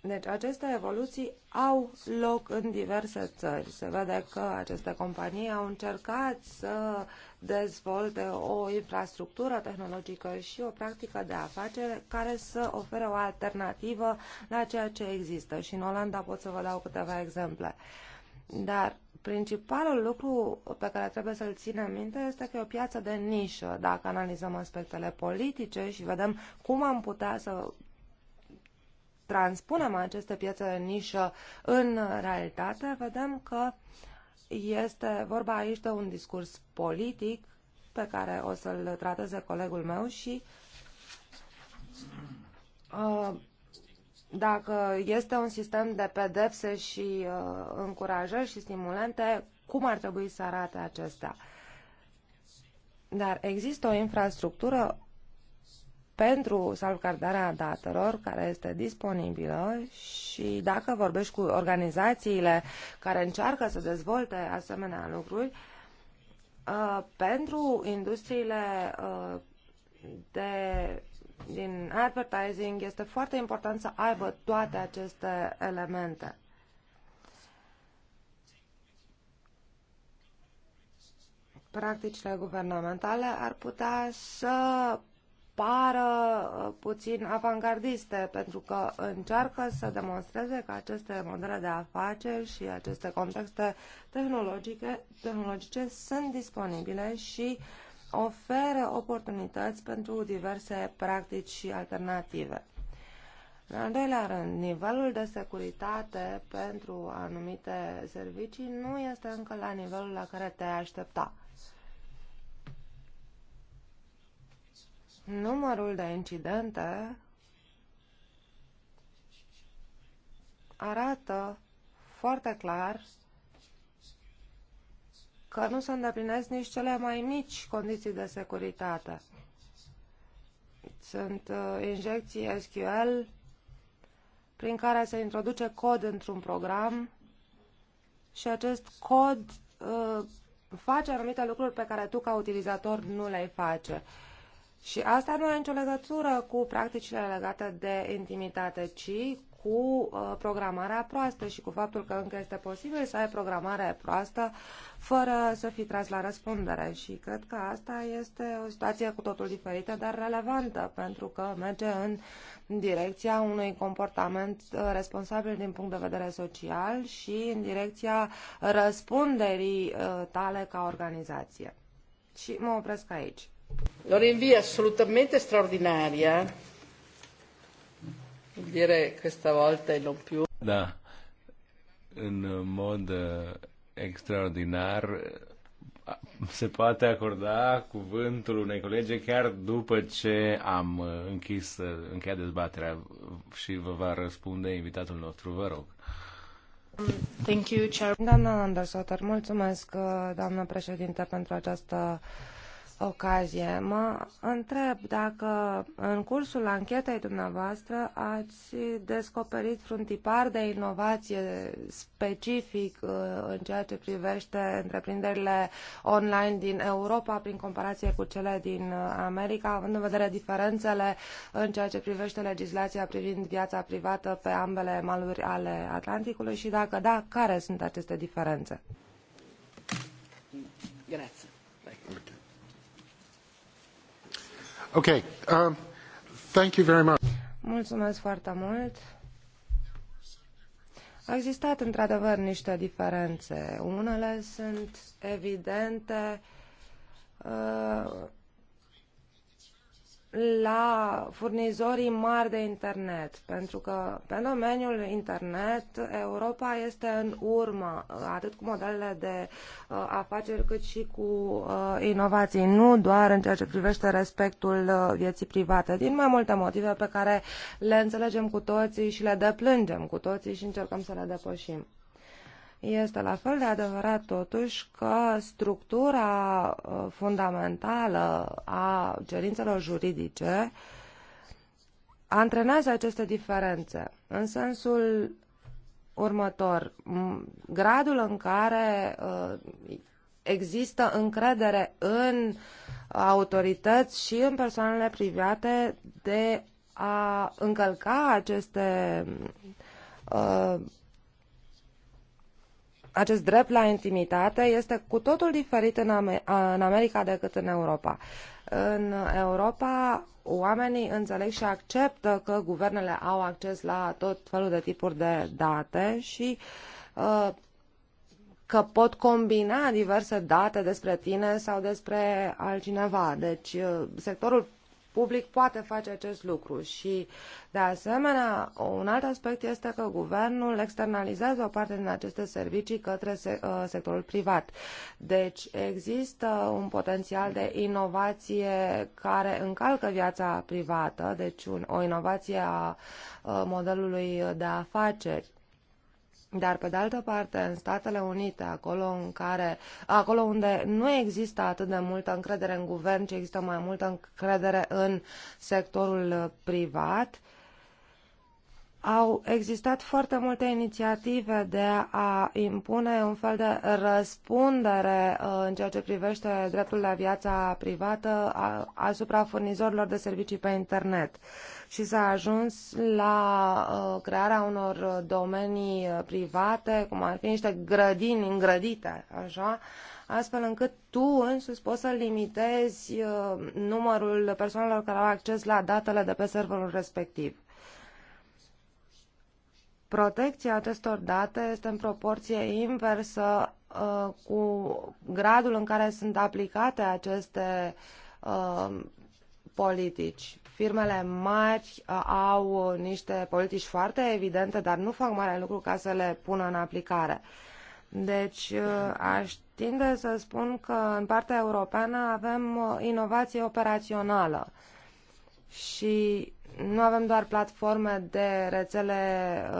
Deci aceste evoluții au loc în diverse țări. Se vede că aceste companii au încercat să dezvolte o infrastructură tehnologică și o practică de afacere care să ofere o alternativă la ceea ce există. Și în Olanda pot să vă dau câteva exemple. Uh, dar principalul lucru pe care trebuie să-l ținem minte este că e o piață de nișă. Dacă analizăm aspectele politice și vedem cum am putea să transpunem aceste piețe de nișă în realitate, vedem că este vorba aici de un discurs politic pe care o să-l trateze colegul meu și uh, dacă este un sistem de pedepse și uh, încurajări și stimulente, cum ar trebui să arate acesta? Dar există o infrastructură pentru salvgardarea datelor care este disponibilă și dacă vorbești cu organizațiile care încearcă să dezvolte asemenea lucruri, uh, pentru industriile uh, de din advertising, este foarte important să aibă toate aceste elemente. Practicile guvernamentale ar putea să pară uh, puțin avangardiste, pentru că încearcă să demonstreze că aceste modele de afaceri și aceste contexte tehnologice, tehnologice sunt disponibile și uh, oferă oportunități pentru diverse practici și alternative. În al doilea rând, nivelul de securitate pentru anumite servicii nu este încă la nivelul la care te aștepta. Numărul de incidente arată foarte clar că nu se îndeplinesc nici cele mai mici condiții de securitate. Sunt uh, injecții SQL prin care se introduce cod într-un program și acest cod uh, face anumite lucruri pe care tu ca utilizator nu le-ai face. Și asta nu are nicio legătură cu practicile legate de intimitate, ci cu uh, programarea proastă și cu faptul că încă este posibil să ai programarea proastă fără să fii tras la răspundere. Și cred că asta este o situație cu totul diferită, dar relevantă, pentru că merge în direcția unui comportament uh, responsabil din punct de vedere social și în direcția răspunderii uh, tale ca organizație. Și mă opresc aici. Dorinvia assolutamente straordinaria eh? dire questa volta e non più. Da, în mod uh, extraordinar se poate acorda cuvântul unei colege chiar după ce am uh, închis, uh, încheiat dezbaterea și vă va răspunde invitatul nostru, vă rog. Thank you, Chair. Doamna Andersotter, mulțumesc, doamnă președinte, pentru această ocazie. Mă întreb dacă în cursul anchetei dumneavoastră ați descoperit vreun tipar de inovație specific uh, în ceea ce privește întreprinderile online din Europa prin comparație cu cele din uh, America, având în vedere diferențele în ceea ce privește legislația privind viața privată pe ambele maluri ale Atlanticului și dacă da, care sunt aceste diferențe? Okay. Um, thank you very much. Mulțumesc foarte mult. Au existat într-adevăr niște diferențe. Unele sunt evidente uh, la furnizorii mari de internet, pentru că pe domeniul internet Europa este în urmă, atât cu modelele de uh, afaceri cât și cu uh, inovații, nu doar în ceea ce privește respectul uh, vieții private, din mai multe motive pe care le înțelegem cu toții și le deplângem cu toții și încercăm să le depășim. Este la fel de adevărat totuși că structura uh, fundamentală a cerințelor juridice antrenează aceste diferențe în sensul următor. Gradul în care uh, există încredere în autorități și în persoanele private de a încălca aceste uh, acest drept la intimitate este cu totul diferit în, Amer în America decât în Europa. În Europa, oamenii înțeleg și acceptă că guvernele au acces la tot felul de tipuri de date și uh, că pot combina diverse date despre tine sau despre altcineva. Deci, uh, sectorul public poate face acest lucru și, de asemenea, un alt aspect este că guvernul externalizează o parte din aceste servicii către uh, sectorul privat. Deci există un potențial de inovație care încalcă viața privată, deci un, o inovație a uh, modelului de afaceri dar, pe de altă parte, în Statele Unite, acolo, în care, acolo unde nu există atât de multă încredere în guvern, ci există mai multă încredere în sectorul privat, au existat foarte multe inițiative de a impune un fel de răspundere uh, în ceea ce privește dreptul la viața privată asupra furnizorilor de servicii pe internet și s-a ajuns la uh, crearea unor domenii private, cum ar fi niște grădini îngrădite, așa, astfel încât tu însuți poți să limitezi uh, numărul persoanelor care au acces la datele de pe serverul respectiv. Protecția acestor date este în proporție inversă uh, cu gradul în care sunt aplicate aceste politici. Firmele mari uh, au niște politici foarte evidente, dar nu fac mare lucru ca să le pună în aplicare. Deci uh, aș tinde să spun că în partea europeană avem uh, inovație operațională și nu avem doar platforme de rețele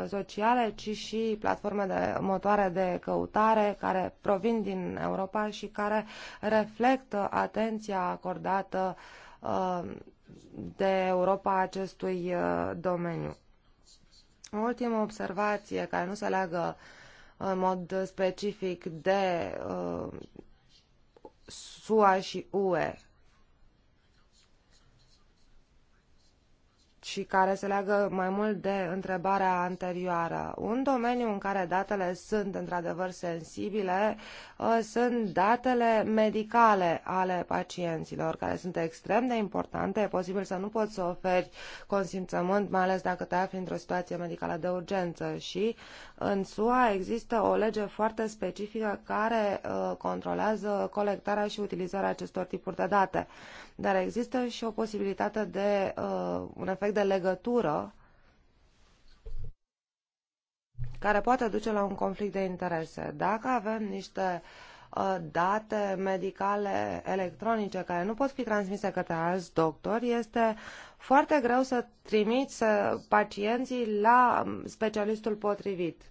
sociale, ci și platforme de motoare de căutare care provin din Europa și care reflectă atenția acordată uh, Uh, de Europa acestui uh, domeniu. O ultimă observație care nu se leagă uh, în mod specific de SUA și UE. și care se leagă mai mult de întrebarea anterioară. Un domeniu în care datele sunt într-adevăr sensibile uh, sunt datele medicale ale pacienților, care sunt extrem de importante. E posibil să nu poți să oferi consimțământ, mai ales dacă te afli într-o situație medicală de urgență. Și în SUA există o lege foarte specifică care uh, controlează colectarea și utilizarea acestor tipuri de date dar există și o posibilitate de uh, un efect de legătură care poate duce la un conflict de interese. Dacă avem niște uh, date medicale electronice care nu pot fi transmise către alți doctori, este foarte greu să trimiți uh, pacienții la um, specialistul potrivit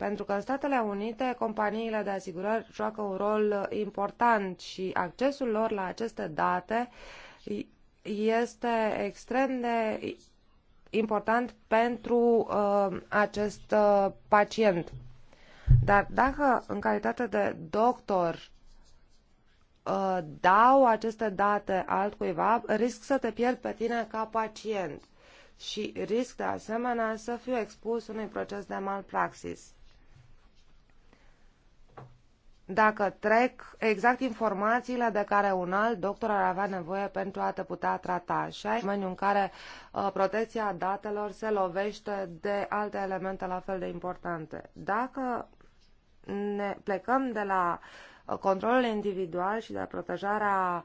pentru că în Statele Unite, companiile de asigurări joacă un rol important și accesul lor la aceste date este extrem de important pentru uh, acest uh, pacient. Dar dacă în calitate de doctor uh, dau aceste date altcuiva, risc să te pierd pe tine ca pacient și risc de asemenea să fiu expus unui proces de malpraxis dacă trec exact informațiile de care un alt doctor ar avea nevoie pentru a te putea trata. Și ai domeniu în care uh, protecția datelor se lovește de alte elemente la fel de importante. Dacă ne plecăm de la uh, controlul individual și de protejarea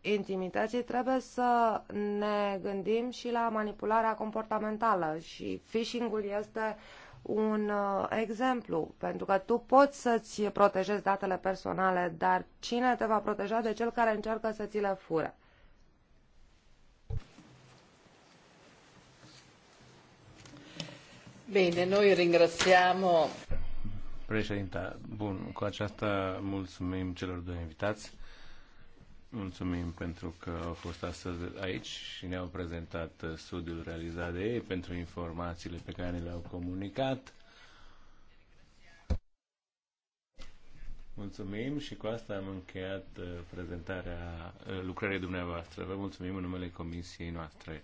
intimității, trebuie să ne gândim și la manipularea comportamentală și phishing-ul este uh, un uh, exemplu, pentru că tu poți să-ți protejezi datele personale, dar cine te va proteja de cel care încearcă să ți le fure? Bine, noi ringrațiamo. Președinta, bun, cu aceasta mulțumim celor doi invitați mulțumim pentru că au fost astăzi aici și ne-au prezentat uh, studiul realizat de ei pentru informațiile pe care le-au comunicat. Mulțumim și cu asta am încheiat uh, prezentarea uh, lucrării dumneavoastră. Vă mulțumim în numele comisiei noastre.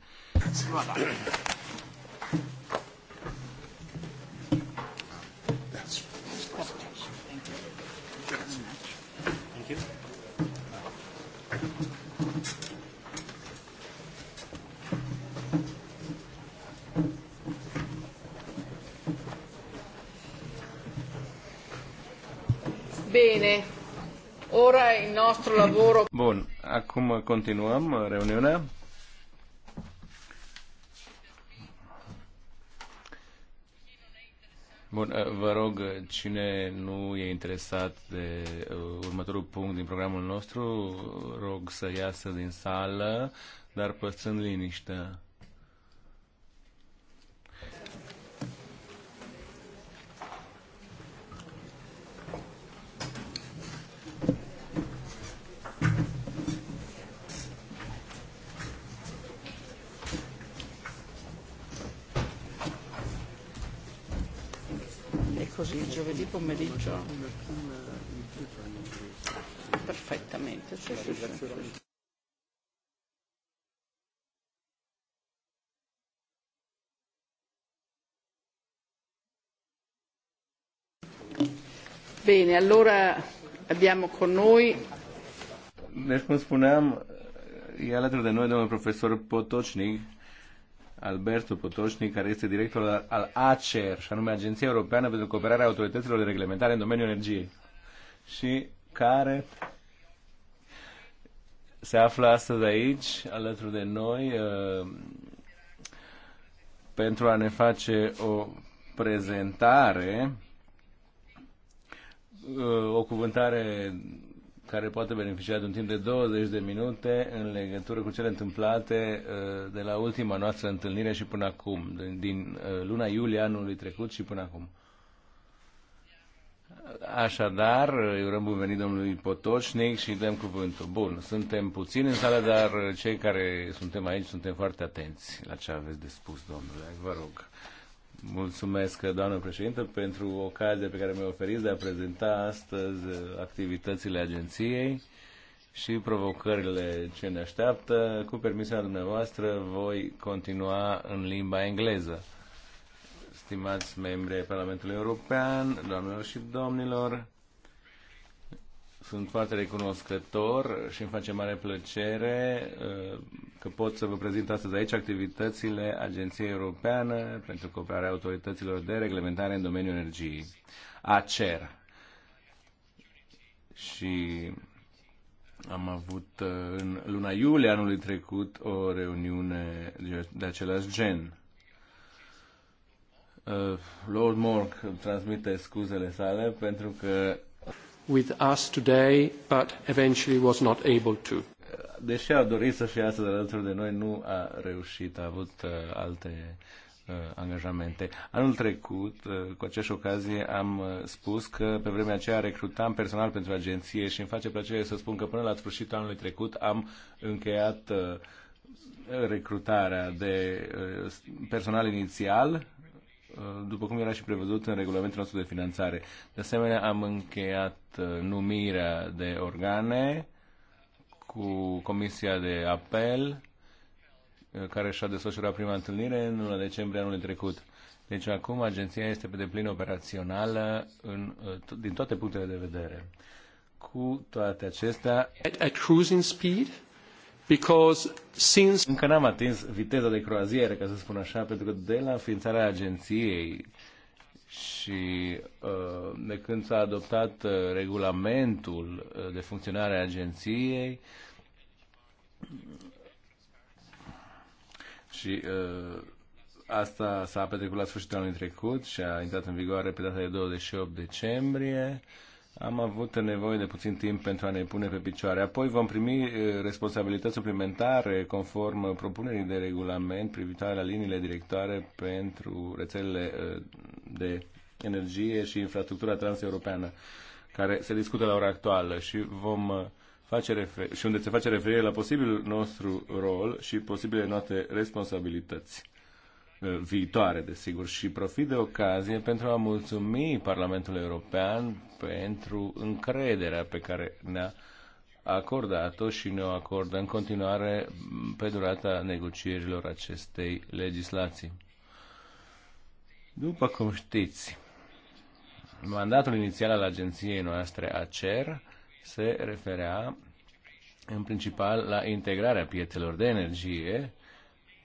continuăm uh, reuniunea. Bun, uh, vă rog, uh, cine nu e interesat de următorul punct din programul nostru, rog să iasă din sală, dar păstrând liniștea. Bine, allora abbiamo con noi... Deci, cum spuneam, e alături de noi domnul profesor Potocnic, Alberto Potocnic, care este director al ACER, și anume Agenția Europeană pentru Cooperarea Autorităților de Reglementare în domeniul energiei, și care se află astăzi aici, alături de noi, uh, pentru a ne face o prezentare Uh, o cuvântare care poate beneficia de un timp de 20 de minute în legătură cu cele întâmplate uh, de la ultima noastră întâlnire și până acum, din uh, luna iulie anului trecut și până acum. Așadar, eu urăm bun venit domnului Potoșnic și dăm cuvântul. Bun, suntem puțini în sală, dar cei care suntem aici suntem foarte atenți la ce aveți de spus, domnule. Vă rog. Mulțumesc, doamnă președintă, pentru ocazia pe care mi-o oferiți de a prezenta astăzi activitățile agenției și provocările ce ne așteaptă. Cu permisiunea dumneavoastră, voi continua în limba engleză. Stimați membri ai Parlamentului European, doamnelor și domnilor, sunt foarte recunoscător și îmi face mare plăcere uh, că pot să vă prezint astăzi aici activitățile Agenției Europeană pentru Cooperarea Autorităților de Reglementare în domeniul energiei, ACER. Și am avut uh, în luna iulie anului trecut o reuniune de același gen. Uh, Lord Mork transmite scuzele sale pentru că with us today, but eventually was not able to. Deși a dorit să fie astăzi alături de noi, nu a reușit, a avut uh, alte uh, angajamente. Anul trecut, uh, cu aceeași ocazie, am uh, spus că pe vremea aceea recrutam personal pentru agenție și îmi face plăcere să spun că până la sfârșitul anului trecut am încheiat uh, recrutarea de uh, personal inițial Uh, după cum era și prevăzut în regulamentul nostru de finanțare. De asemenea, am încheiat uh, numirea de organe cu Comisia de Apel, uh, care și-a desfășurat prima întâlnire în luna decembrie anului trecut. Deci acum agenția este pe deplin operațională în, din toate punctele de vedere. Cu toate acestea... At, at cruising speed? Încă n-am atins viteza de croazieră, ca să spun așa, pentru că de la înființarea agenției și uh, de când s-a adoptat uh, regulamentul uh, de funcționare a agenției și asta s-a petrecut la sfârșitul anului trecut și a intrat în vigoare pe data de 28 decembrie am avut nevoie de puțin timp pentru a ne pune pe picioare. Apoi vom primi eh, responsabilități suplimentare conform propunerii de regulament privitoare la liniile directoare pentru rețelele eh, de energie și infrastructura transeuropeană, care se discută la ora actuală și vom eh, face refer, și unde se face referire la posibilul nostru rol și posibile noastre responsabilități viitoare, desigur, și profit de ocazie pentru a mulțumi parlamentul European pentru încrederea pe care ne-a acordat-o și ne-o acordă în continuare pe durata negocierilor acestei legislații. După cum știți, mandatul inițial al agenției noastre ACER se referea în principal la integrarea piețelor de energie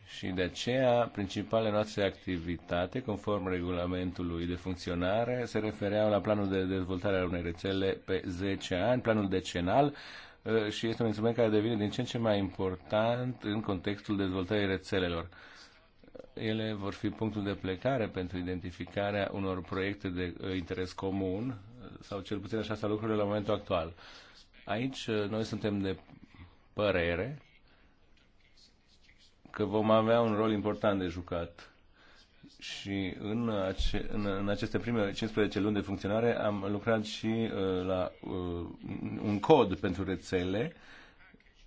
și de aceea principalele noastre activitate, conform regulamentului de funcționare, se refereau la planul de dezvoltare a unei rețele pe 10 ani, planul decenal, uh, și este un instrument care devine din ce în ce mai important în contextul dezvoltării rețelelor. Ele vor fi punctul de plecare pentru identificarea unor proiecte de uh, interes comun, sau cel puțin așa sunt lucrurile la momentul actual. Aici uh, noi suntem de părere că vom avea un rol important de jucat. Și în, ace- în, în aceste prime 15 luni de funcționare am lucrat și uh, la uh, un cod pentru rețele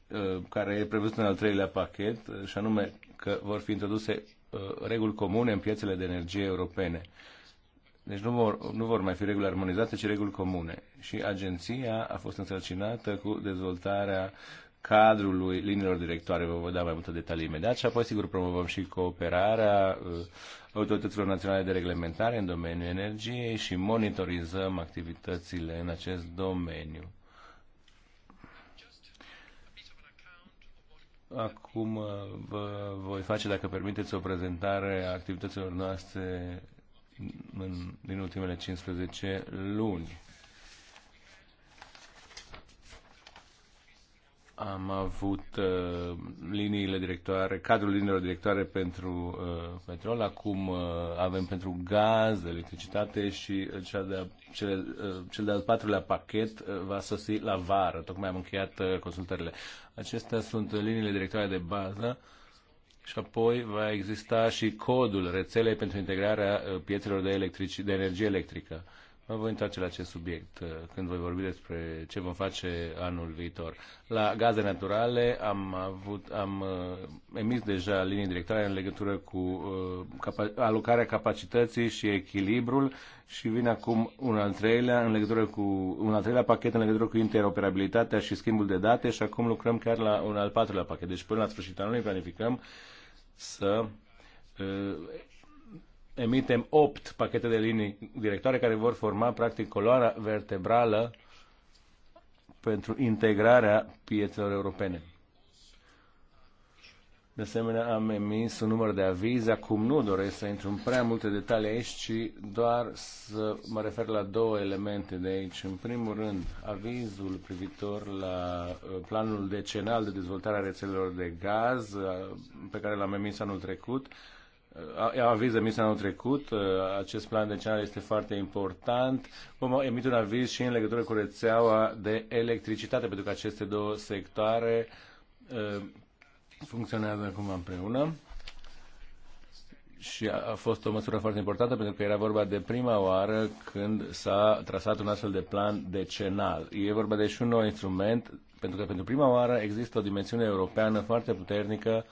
uh, care e prevăzut în al treilea pachet, uh, și anume că vor fi introduse uh, reguli comune în piețele de energie europene. Deci nu vor, nu vor mai fi reguli armonizate, ci reguli comune. Și agenția a fost însărcinată cu dezvoltarea uh, cadrului liniilor directoare. Vă voi da mai multe detalii imediat și apoi, sigur, promovăm și cooperarea uh, autorităților naționale de reglementare în domeniul energiei și monitorizăm activitățile în acest domeniu. Acum uh, vă voi face, dacă permiteți, o prezentare a activităților noastre în, din ultimele 15 luni. am avut uh, liniile directoare, cadrul liniilor directoare pentru uh, petrol, acum uh, avem pentru gaz, electricitate și uh, cea de cele, uh, cel de-al patrulea pachet uh, va sosi la vară. Tocmai am încheiat uh, consultările. Acestea sunt uh, liniile directoare de bază și apoi va exista și codul rețelei pentru integrarea uh, piețelor de, de energie electrică. Uh, Mă voi întoarce la acest subiect uh, când voi vorbi despre ce vom face anul viitor. La gaze naturale am, avut, am uh, emis deja linii directoare în legătură cu uh, alocarea capacității și echilibrul și vine acum un al treilea în legătură cu un al treilea pachet în legătură cu interoperabilitatea și schimbul de date și acum lucrăm chiar la un al patrulea pachet. Deci până la sfârșitul anului planificăm să emitem opt pachete de linii directoare care vor forma practic coloana vertebrală pentru integrarea piețelor europene. De asemenea, am emis un număr de avize. Acum nu doresc să intru în prea multe detalii aici, ci doar să mă refer la două elemente de aici. În primul rând, avizul privitor la uh, planul decenal de dezvoltare a rețelelor de gaz, uh, pe care l-am emis anul trecut, aviz emis anul trecut. Uh, acest plan decenal este foarte important. Vom emite un aviz și în legătură cu rețeaua de electricitate, pentru că aceste două sectoare uh, funcționează acum împreună. Și a fost o măsură foarte importantă pentru că era vorba de prima oară când s-a trasat un astfel de plan decenal. E vorba de și un nou instrument pentru că pentru prima oară există o dimensiune europeană foarte puternică uh,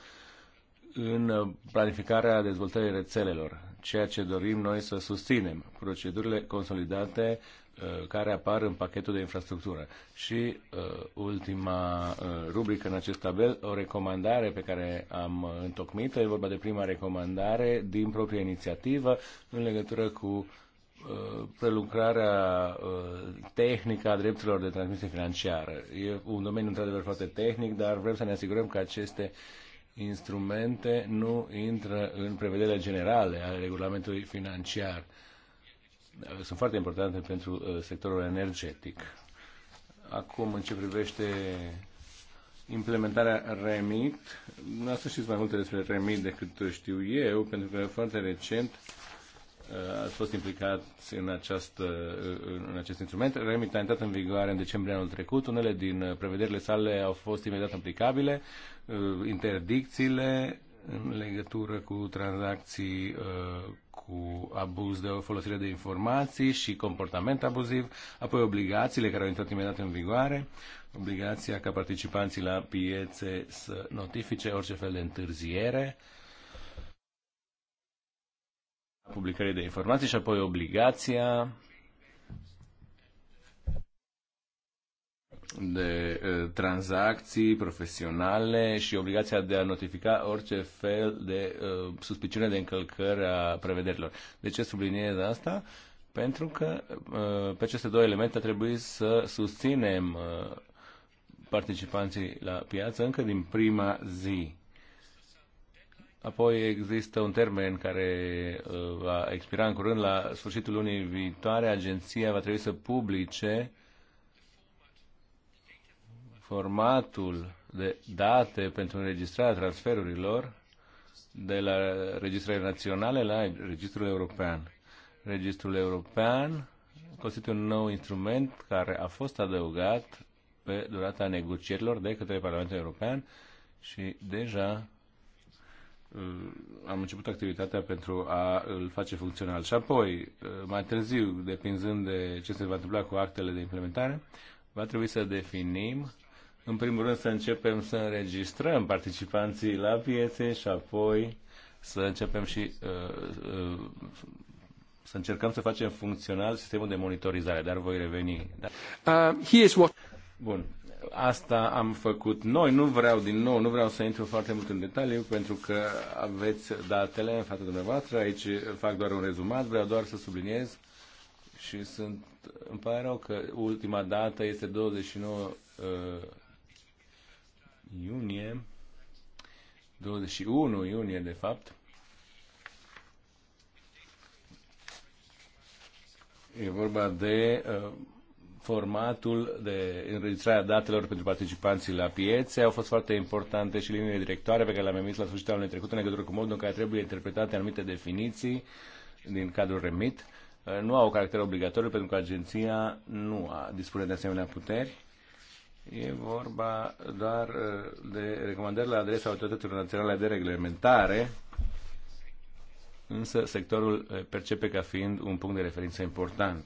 în planificarea dezvoltării rețelelor, ceea ce dorim noi să susținem, procedurile consolidate uh, care apar în pachetul de infrastructură. Și uh, ultima uh, rubrică în acest tabel, o recomandare pe care am întocmit-o, e vorba de prima recomandare din propria inițiativă în legătură cu prelucrarea tehnică a drepturilor de transmisie financiară. E un domeniu într-adevăr foarte tehnic, dar vrem să ne asigurăm că aceste uh, instrumente nu intră în prevederile generale ale regulamentului financiar. Sunt foarte importante pentru uh, sectorul energetic. Acum, în ce privește implementarea REMIT, nu să știți mai multe despre REMIT decât știu eu, pentru că foarte recent uh, ați fost implicați în, această, uh, în acest instrument. REMIT a intrat în vigoare în decembrie anul trecut. Unele din prevederile sale au fost imediat aplicabile Uh, interdicțiile în legătură cu tranzacții uh, cu abuz de folosire de informații și comportament abuziv, apoi obligațiile care au intrat imediat în vigoare, obligația ca participanții la piețe să notifice orice fel de întârziere, publicării de informații și apoi obligația de tranzacții profesionale și obligația de a notifica orice fel de uh, suspiciune de încălcări a prevederilor. De ce subliniez asta? Pentru că uh, pe aceste două elemente trebuie să susținem uh, participanții la piață încă din prima zi. Apoi există un termen care va expira în curând. La sfârșitul lunii viitoare, agenția va trebui să publice uh, formatul de date pentru înregistrarea transferurilor de la registrele naționale la registrul european. Registrul european constituie un nou instrument care a fost adăugat pe durata negocierilor de către Parlamentul European și deja uh, am început activitatea pentru a îl face funcțional. Și apoi, uh, mai târziu, depinzând de ce se va întâmpla cu actele de implementare, va trebui să definim în primul rând să începem să înregistrăm participanții la piețe și apoi să începem și uh, uh, să încercăm să facem funcțional sistemul de monitorizare, dar voi reveni. Da? Uh, here's what... Bun. Asta am făcut noi, nu vreau din nou, nu vreau să intru foarte mult în detaliu pentru că aveți datele în fața dumneavoastră, aici fac doar un rezumat, vreau doar să subliniez și sunt, îmi pare rău că ultima dată este 29 uh, iunie, 21 iunie de fapt, e vorba de uh, formatul de înregistrare a datelor pentru participanții la piețe. Au fost foarte importante și liniile directoare pe care le-am emis la sfârșitul anului trecut în legătură cu modul în care trebuie interpretate anumite definiții din cadrul REMIT. Uh, nu au caracter obligatoriu pentru că agenția nu a dispune de asemenea puteri E vorba doar uh, de recomandări la adresa autorităților naționale de reglementare, însă sectorul uh, percepe ca fiind un punct de referință important.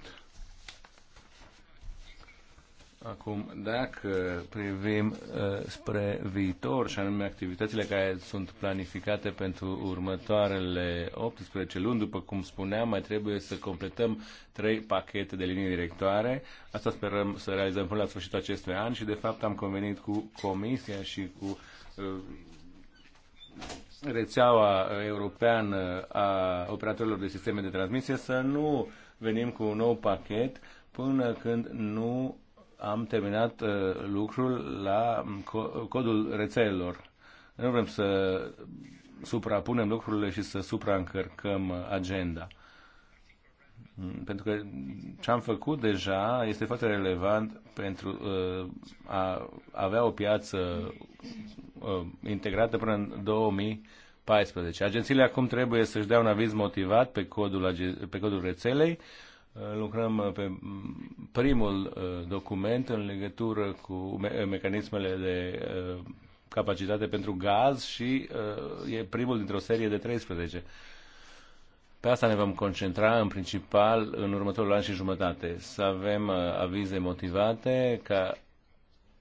Acum, dacă privim uh, spre viitor și anume activitățile care sunt planificate pentru următoarele 18 luni, după cum spuneam, mai trebuie să completăm trei pachete de linii directoare. Asta sperăm să realizăm până la sfârșitul acestui an și, de fapt, am convenit cu Comisia și cu uh, rețeaua europeană a operatorilor de sisteme de transmisie să nu venim cu un nou pachet până când nu am terminat uh, lucrul la um, codul rețelelor. Nu vrem să suprapunem lucrurile și să supraîncărcăm uh, agenda. Mm, pentru că ce am făcut deja este foarte relevant pentru uh, a avea o piață uh, integrată până în 2014. Agențiile acum trebuie să-și dea un aviz motivat pe codul, pe codul rețelei uh, lucrăm uh, pe mm, primul uh, document în legătură cu uh, mecanismele de capacitate pentru gaz și e primul dintr-o serie de 13. Pe asta ne vom concentra în principal în următorul an și jumătate. Să avem avize motivate ca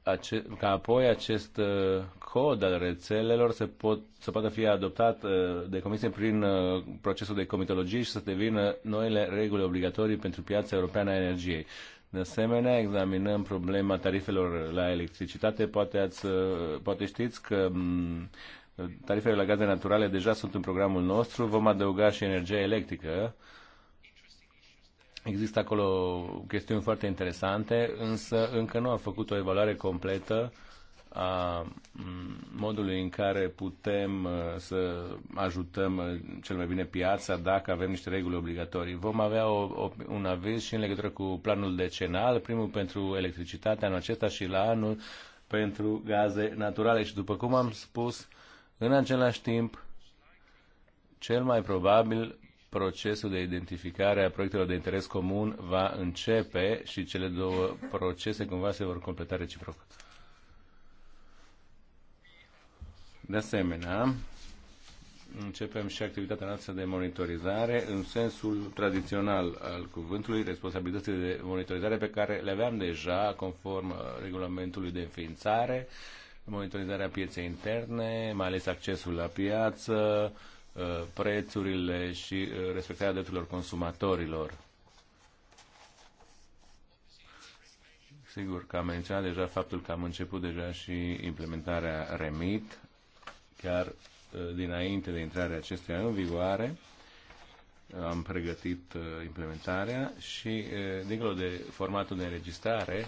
ace- ca apoi acest uh, cod al rețelelor să, pot, să poată fi adoptat uh, de comisie prin uh, procesul de comitologie și să devină noile reguli obligatorii pentru piața europeană a energiei. De asemenea, examinăm problema tarifelor la electricitate. Poate, ați, uh, poate știți că mm, tarifele la gaze naturale deja sunt în programul nostru. Vom adăuga și energia electrică. Uh, Există acolo chestiuni foarte interesante, însă încă nu am făcut o evaluare completă a modului în care putem uh, să ajutăm uh, cel mai bine piața dacă avem niște reguli obligatorii. Vom avea o, o, un aviz și în legătură cu planul decenal, primul pentru electricitate anul acesta și la anul pentru gaze naturale. Și după cum am spus, în același timp, cel mai probabil procesul de identificare a proiectelor de interes comun va începe și cele două procese cumva se vor completa reciproc. De asemenea, începem și activitatea noastră de monitorizare în sensul tradițional al cuvântului, responsabilitățile de monitorizare pe care le aveam deja conform uh, regulamentului de înființare, monitorizarea pieței interne, mai ales accesul la piață, Uh, prețurile și uh, respectarea drepturilor consumatorilor. Sigur că am menționat deja faptul că am început deja și implementarea REMIT, chiar uh, dinainte de intrarea acesteia în vigoare am pregătit implementarea și, dincolo de formatul de înregistrare,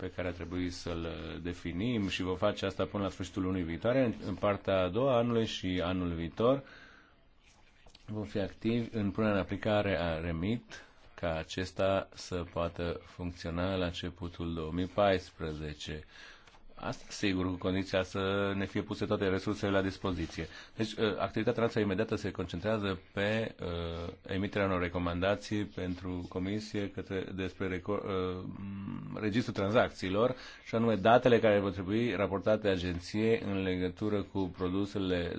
pe care a trebuit să-l definim și vom face asta până la sfârșitul lunii viitoare. În partea a doua anului și anul viitor vom fi activi în punerea în aplicare a REMIT ca acesta să poată funcționa la începutul 2014. Asta sigur, cu condiția să ne fie puse toate resursele la dispoziție. Deci, uh, activitatea noastră imediată se concentrează pe uh, emiterea unor recomandații pentru comisie către, despre uh, registrul tranzacțiilor și anume datele care vor trebui raportate agenției în legătură cu produsele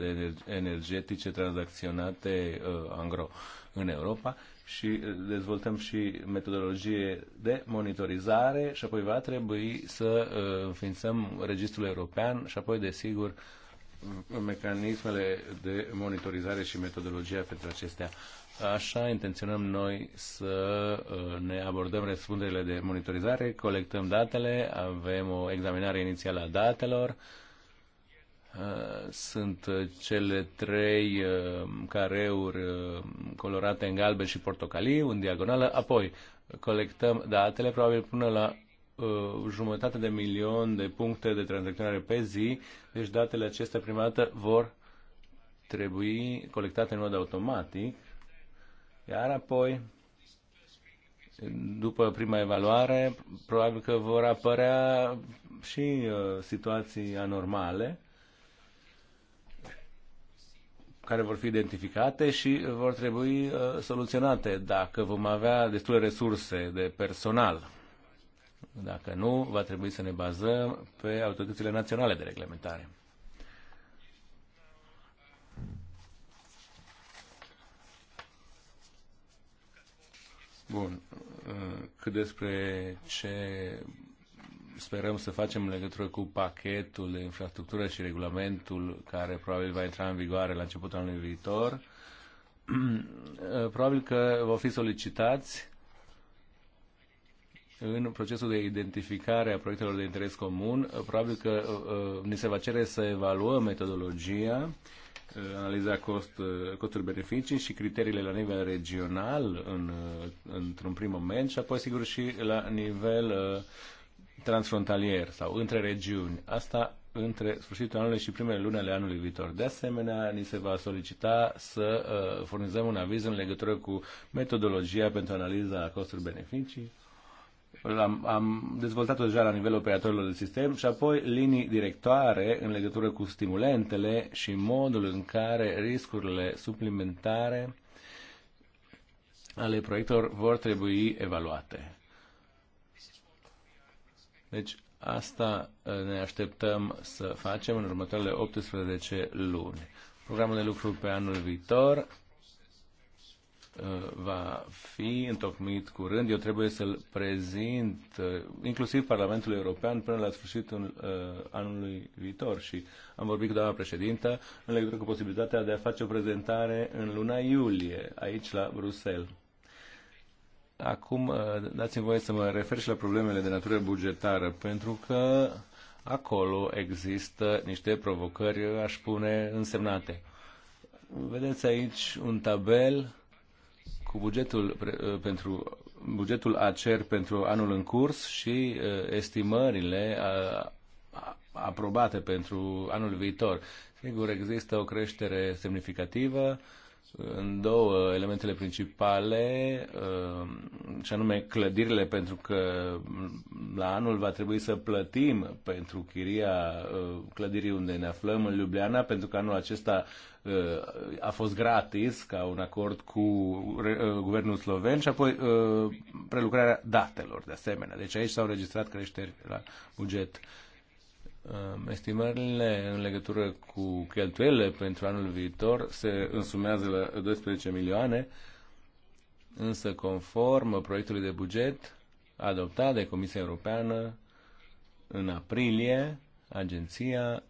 energetice tranzacționate uh, angro în Europa și eh, dezvoltăm și metodologie de monitorizare și apoi va trebui să eh, înființăm registrul european și apoi, desigur, mm, mecanismele de monitorizare și metodologia pentru acestea. Așa intenționăm noi să eh, ne abordăm răspunderile de monitorizare, colectăm datele, avem o examinare inițială a datelor, Uh, sunt uh, cele trei uh, careuri colorate în galben și portocaliu, în diagonală. Apoi colectăm datele probabil până la jumătate de milion de puncte de tranzacționare pe zi, deci datele acestea primată vor trebui colectate în mod automatic, iar apoi, după prima evaluare, probabil că vor apărea și uh, situații anormale care vor fi identificate și vor trebui uh, soluționate dacă vom avea destule resurse de personal. Dacă nu, va trebui să ne bazăm pe autoritățile naționale de reglementare. Bun. Uh, cât despre ce sperăm să facem legătură cu pachetul de infrastructură și regulamentul care probabil va intra în vigoare la începutul anului viitor. Probabil că vor fi solicitați în procesul de identificare a proiectelor de interes comun. Probabil că uh, uh ni se va cere să evaluăm metodologia, uh, analiza cost, uh, costuri-beneficii și criteriile la nivel regional în, uh, într-un prim moment și apoi, sigur, și la nivel uh, transfrontalier sau între regiuni. Asta între sfârșitul anului și primele luni ale anului viitor. De asemenea, ni se va solicita să uh, furnizăm un aviz în legătură cu metodologia pentru analiza costuri-beneficii. Am, am dezvoltat-o deja la nivelul operatorilor de sistem și apoi linii directoare în legătură cu stimulentele și modul în care riscurile suplimentare ale proiectelor vor trebui evaluate. Deci asta uh, ne așteptăm să facem în următoarele 18 luni. Programul de lucru pe anul viitor uh, va fi întocmit curând. Eu trebuie să-l prezint uh, inclusiv Parlamentul European până la sfârșitul anului viitor și am vorbit cu doamna președintă în legătură cu posibilitatea de a face o prezentare în luna iulie aici la Bruxelles. Acum uh, dați-mi voie să mă refer și la problemele de natură bugetară, pentru că acolo există niște provocări, aș spune, însemnate. Vedeți aici un tabel cu bugetul uh, pentru bugetul ACER pentru anul în curs și uh, estimările aprobate pentru anul viitor. Sigur, există o creștere semnificativă în două elementele principale, uh, și anume clădirile, pentru că la anul va trebui să plătim pentru chiria uh, clădirii unde ne aflăm, în Ljubljana, pentru că anul acesta uh, a fost gratis ca un acord cu guvernul sloven și apoi prelucrarea datelor de asemenea. Deci aici s-au registrat creșteri la buget. Ehm, estimările în legătură cu cheltuielile pentru anul viitor se însumează la 12 milioane, însă conform proiectului de buget adoptat de Comisia Europeană în aprilie, agenția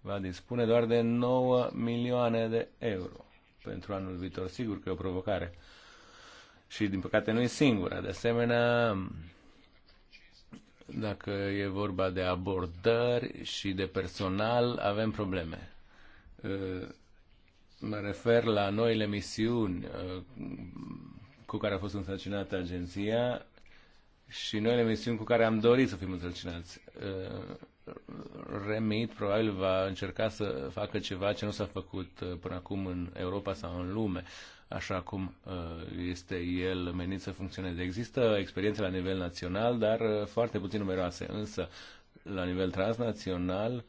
va dispune doar de 9 milioane de euro pentru anul viitor. Sigur că e o provocare. Și, din păcate, nu e singura. De asemenea, dacă e vorba de abordări și de personal, avem probleme. Ă, mă refer la noile misiuni ă, cu care a fost însărcinată agenția și noile misiuni cu care am dorit să fim însărcinați. Ă, Remit probabil va încerca să facă ceva ce nu s-a făcut uh, până acum în Europa sau în lume, așa cum uh, este el menit să funcționeze. Există experiențe la nivel național, dar uh, foarte puțin numeroase, însă la nivel transnațional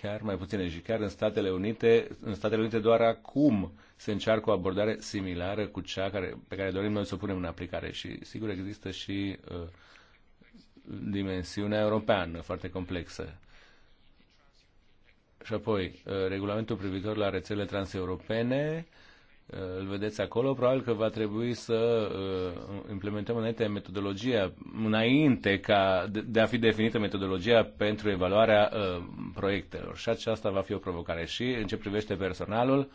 chiar mai puține și chiar în Statele Unite, în Statele Unite doar acum se încearcă o abordare similară cu cea care, pe care dorim noi să o punem în aplicare și sigur există și uh, dimensiunea europeană foarte complexă. Și apoi, uh, regulamentul privitor la rețele transeuropene, uh, îl vedeți acolo, probabil că va trebui să uh, implementăm înainte metodologia, înainte ca de a fi definită metodologia pentru evaluarea proiectelor. Și aceasta va fi o provocare. Și în ce privește personalul,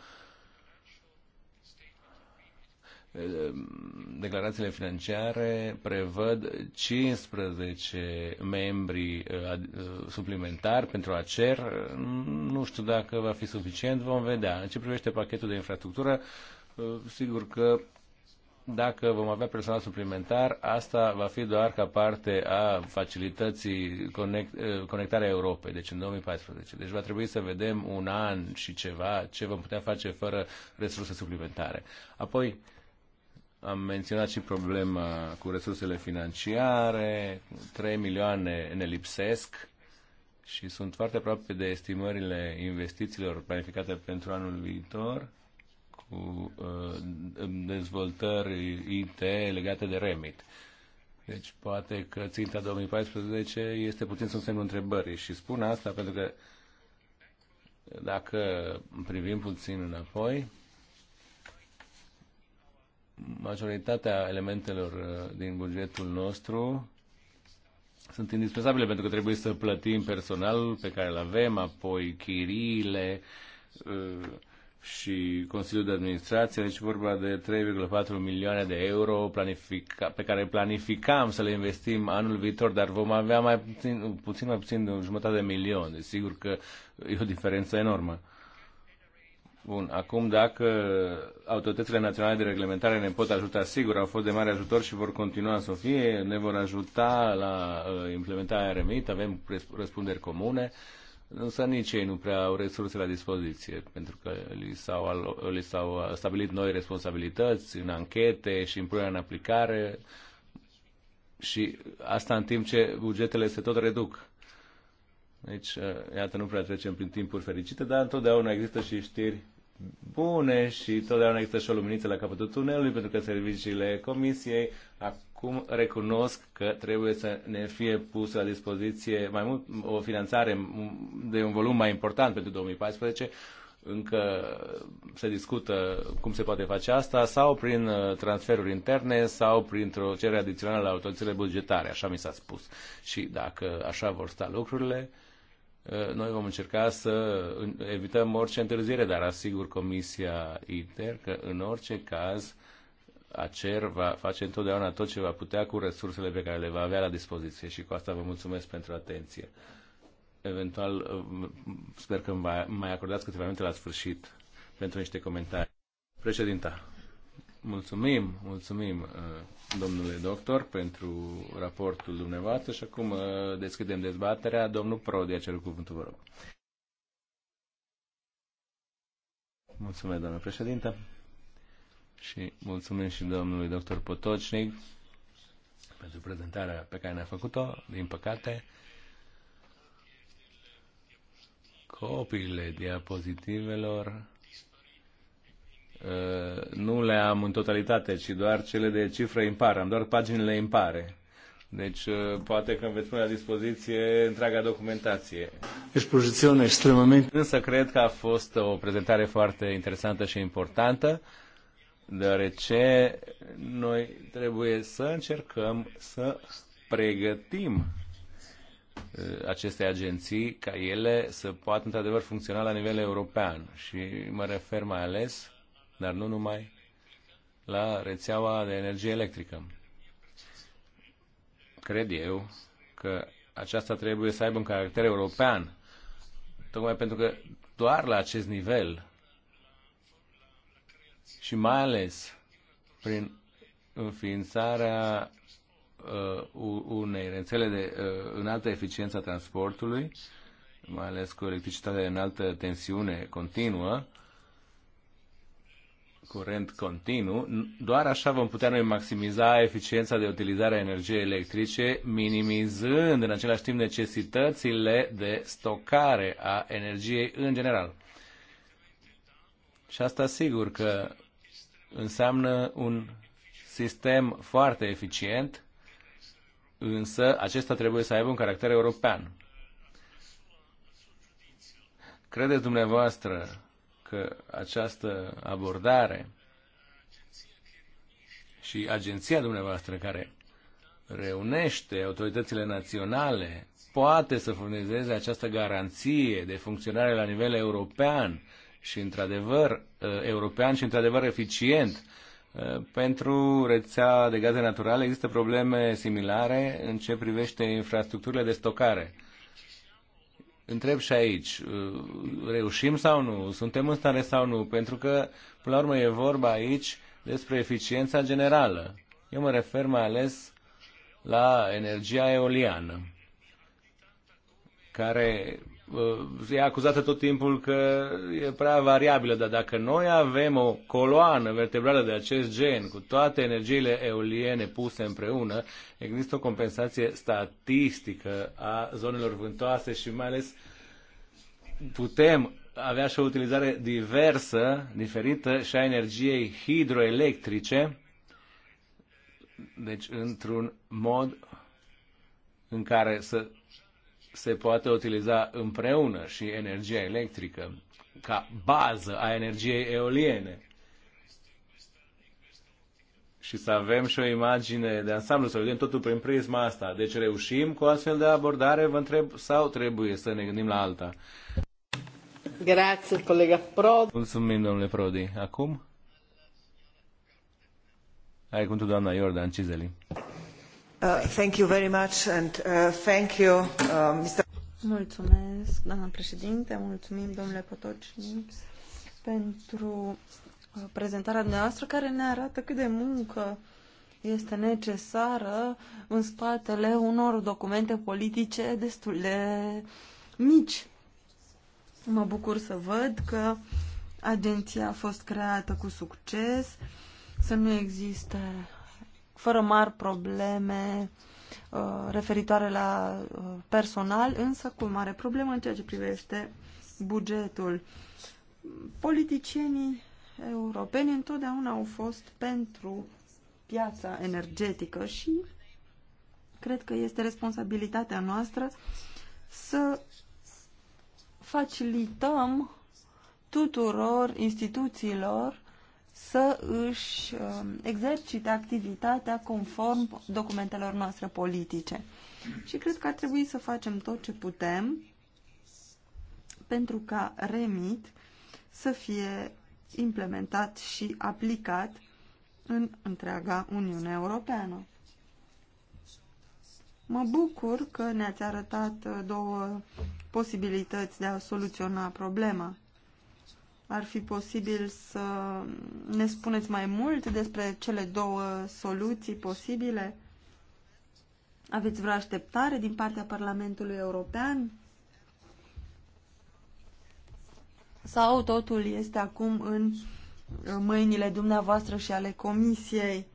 declarațiile financiare prevăd 15 membri eh, eh, suplimentari pentru ACER. Nu știu dacă va fi suficient, vom vedea. În ce privește pachetul de infrastructură, eh, sigur că dacă vom avea personal suplimentar, asta va fi doar ca parte a facilității conect, conectarea Europei, deci în 2014. Deci va trebui să vedem un an și ceva ce vom putea face fără resurse suplimentare. Apoi, am menționat și problema cu resursele financiare, 3 milioane ne lipsesc și sunt foarte aproape de estimările investițiilor planificate pentru anul viitor cu uh, dezvoltări IT legate de REMIT. Deci poate că ținta 2014 este puțin sub semnul întrebării și spun asta pentru că dacă privim puțin înapoi, majoritatea elementelor uh, din bugetul nostru sunt indispensabile pentru că trebuie să plătim personalul pe care îl avem, apoi chiriile uh, și Consiliul de Administrație, deci vorba de 3,4 milioane de euro pe care planificam să le investim anul viitor, dar vom avea mai puțin, puțin mai puțin de jumătate de milion. Deci sigur că e o diferență enormă. Bun, acum dacă autoritățile naționale de reglementare ne pot ajuta, sigur, au fost de mare ajutor și vor continua să fie, ne vor ajuta la uh, implementarea remit, avem răspunderi comune, însă nici ei nu prea au resurse la dispoziție, pentru că li s-au, li s-au uh, stabilit noi responsabilități în anchete și în punerea în aplicare și asta în timp ce bugetele se tot reduc. Deci, uh, iată, nu prea trecem prin timpuri fericite, dar întotdeauna există și știri bune și totdeauna există și o luminiță la capătul tunelului, pentru că serviciile comisiei acum recunosc că trebuie să ne fie pusă la dispoziție mai mult o finanțare de un volum mai important pentru 2014, încă se discută cum se poate face asta, sau prin uh, transferuri interne, sau printr-o cerere adițională la autoritățile bugetare, așa mi s-a spus. Și dacă așa vor sta lucrurile, Eh, noi vom încerca să evităm orice întârziere, dar asigur Comisia ITER că în orice caz ACER va face întotdeauna tot ce va putea cu resursele pe care le va avea la dispoziție și cu asta vă mulțumesc pentru atenție. Eventual, eh, sper că mai acordați câteva minute la sfârșit pentru niște comentarii. Președinta, mulțumim, mulțumim eh, domnule doctor, pentru raportul dumneavoastră și acum uh, deschidem dezbaterea. Domnul Prodi a cerut cuvântul, vă rog. Mulțumesc, doamnă președintă. Și mulțumim și domnului doctor Potocnic pentru prezentarea pe care ne-a făcut-o. Din păcate, copiile diapozitivelor Eh, nu le am în totalitate, ci doar cele de cifre impare. Am doar paginile impare. Deci eh, poate că veți pune la dispoziție întreaga documentație. Expozițiune extremamente. Însă cred că a fost o prezentare foarte interesantă și importantă, deoarece noi trebuie să încercăm să pregătim eh, aceste agenții ca ele să poată într-adevăr funcționa la nivel european. Și mă refer mai ales dar nu numai, la rețeaua de energie electrică. Cred eu că aceasta trebuie să aibă un caracter european, tocmai pentru că doar la acest nivel și mai ales prin înființarea uh, unei rețele de uh, înaltă eficiență a transportului, mai ales cu electricitatea de înaltă tensiune continuă, curent continuu. Doar așa vom putea noi maximiza eficiența de utilizare a energiei electrice, minimizând în același timp necesitățile de stocare a energiei în general. Și asta sigur că înseamnă un sistem foarte eficient, însă acesta trebuie să aibă un caracter european. Credeți dumneavoastră că această abordare și agenția dumneavoastră care reunește autoritățile naționale poate să furnizeze această garanție de funcționare la nivel european și într-adevăr uh, european și într-adevăr eficient. Uh, pentru rețea de gaze naturale există probleme similare în ce privește infrastructurile de stocare întreb și aici, uh, reușim sau nu? Suntem în stare sau nu? Pentru că, până la urmă, e vorba aici despre eficiența generală. Eu mă refer mai ales la energia eoliană, care Uh, e acuzată tot timpul că e prea variabilă, dar dacă noi avem o coloană vertebrală de acest gen, cu toate energiile eoliene puse împreună, există o compensație statistică a zonelor vântoase și mai ales putem avea și o utilizare diversă, diferită și a energiei hidroelectrice, deci într-un mod în care să se poate utiliza împreună și energia electrică ca bază a energiei eoliene. Și să avem și o imagine de ansamblu, să vedem totul prin prisma asta. Deci reușim cu astfel de abordare, vă întreb, sau trebuie să ne gândim la alta? Grazie, colega Prodi. Mulțumim, domnule Prodi. Acum? Ai cuvântul doamna Iordan Cizeli. Uh, thank you very much and uh, thank you, uh, Mr. Mulțumesc, doamna președinte, mulțumim, domnule Potocnic, pentru prezentarea noastră care ne arată cât de muncă este necesară în spatele unor documente politice destul de mici. Mă bucur să văd că agenția a fost creată cu succes, să nu existe fără mari probleme uh, referitoare la uh, personal, însă cu mare problemă în ceea ce privește bugetul. Politicienii europeni întotdeauna au fost pentru piața energetică și cred că este responsabilitatea noastră să facilităm tuturor instituțiilor să își um, exercite activitatea conform documentelor noastre politice. Și cred că ar trebui să facem tot ce putem pentru ca REMIT să fie implementat și aplicat în întreaga Uniune Europeană. Mă bucur că ne-ați arătat uh, două posibilități de a soluționa problema ar fi posibil să ne spuneți mai mult despre cele două soluții posibile? Aveți vreo așteptare din partea Parlamentului European? Sau totul este acum în mâinile dumneavoastră și ale Comisiei?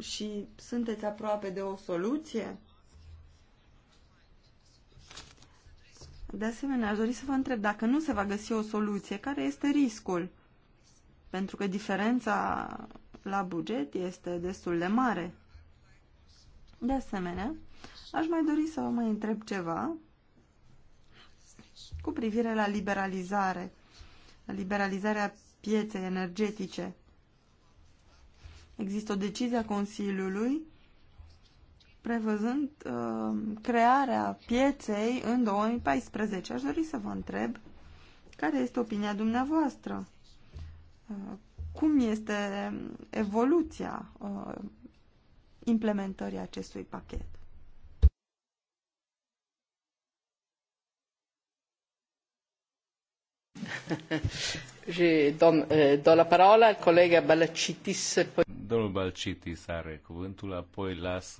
Și sunteți aproape de o soluție? De asemenea, aș dori să vă întreb dacă nu se va găsi o soluție, care este riscul? Pentru că diferența la buget este destul de mare. De asemenea, aș mai dori să vă mai întreb ceva cu privire la liberalizare, la liberalizarea pieței energetice. Există o decizie a Consiliului prevăzând uh, crearea pieței în 2014. Aș dori să vă întreb care este opinia dumneavoastră? Uh, cum este evoluția uh, implementării acestui pachet? Je donne, euh, donne la parole à al collega Balacitis. Domnul Balciti are cuvântul, apoi las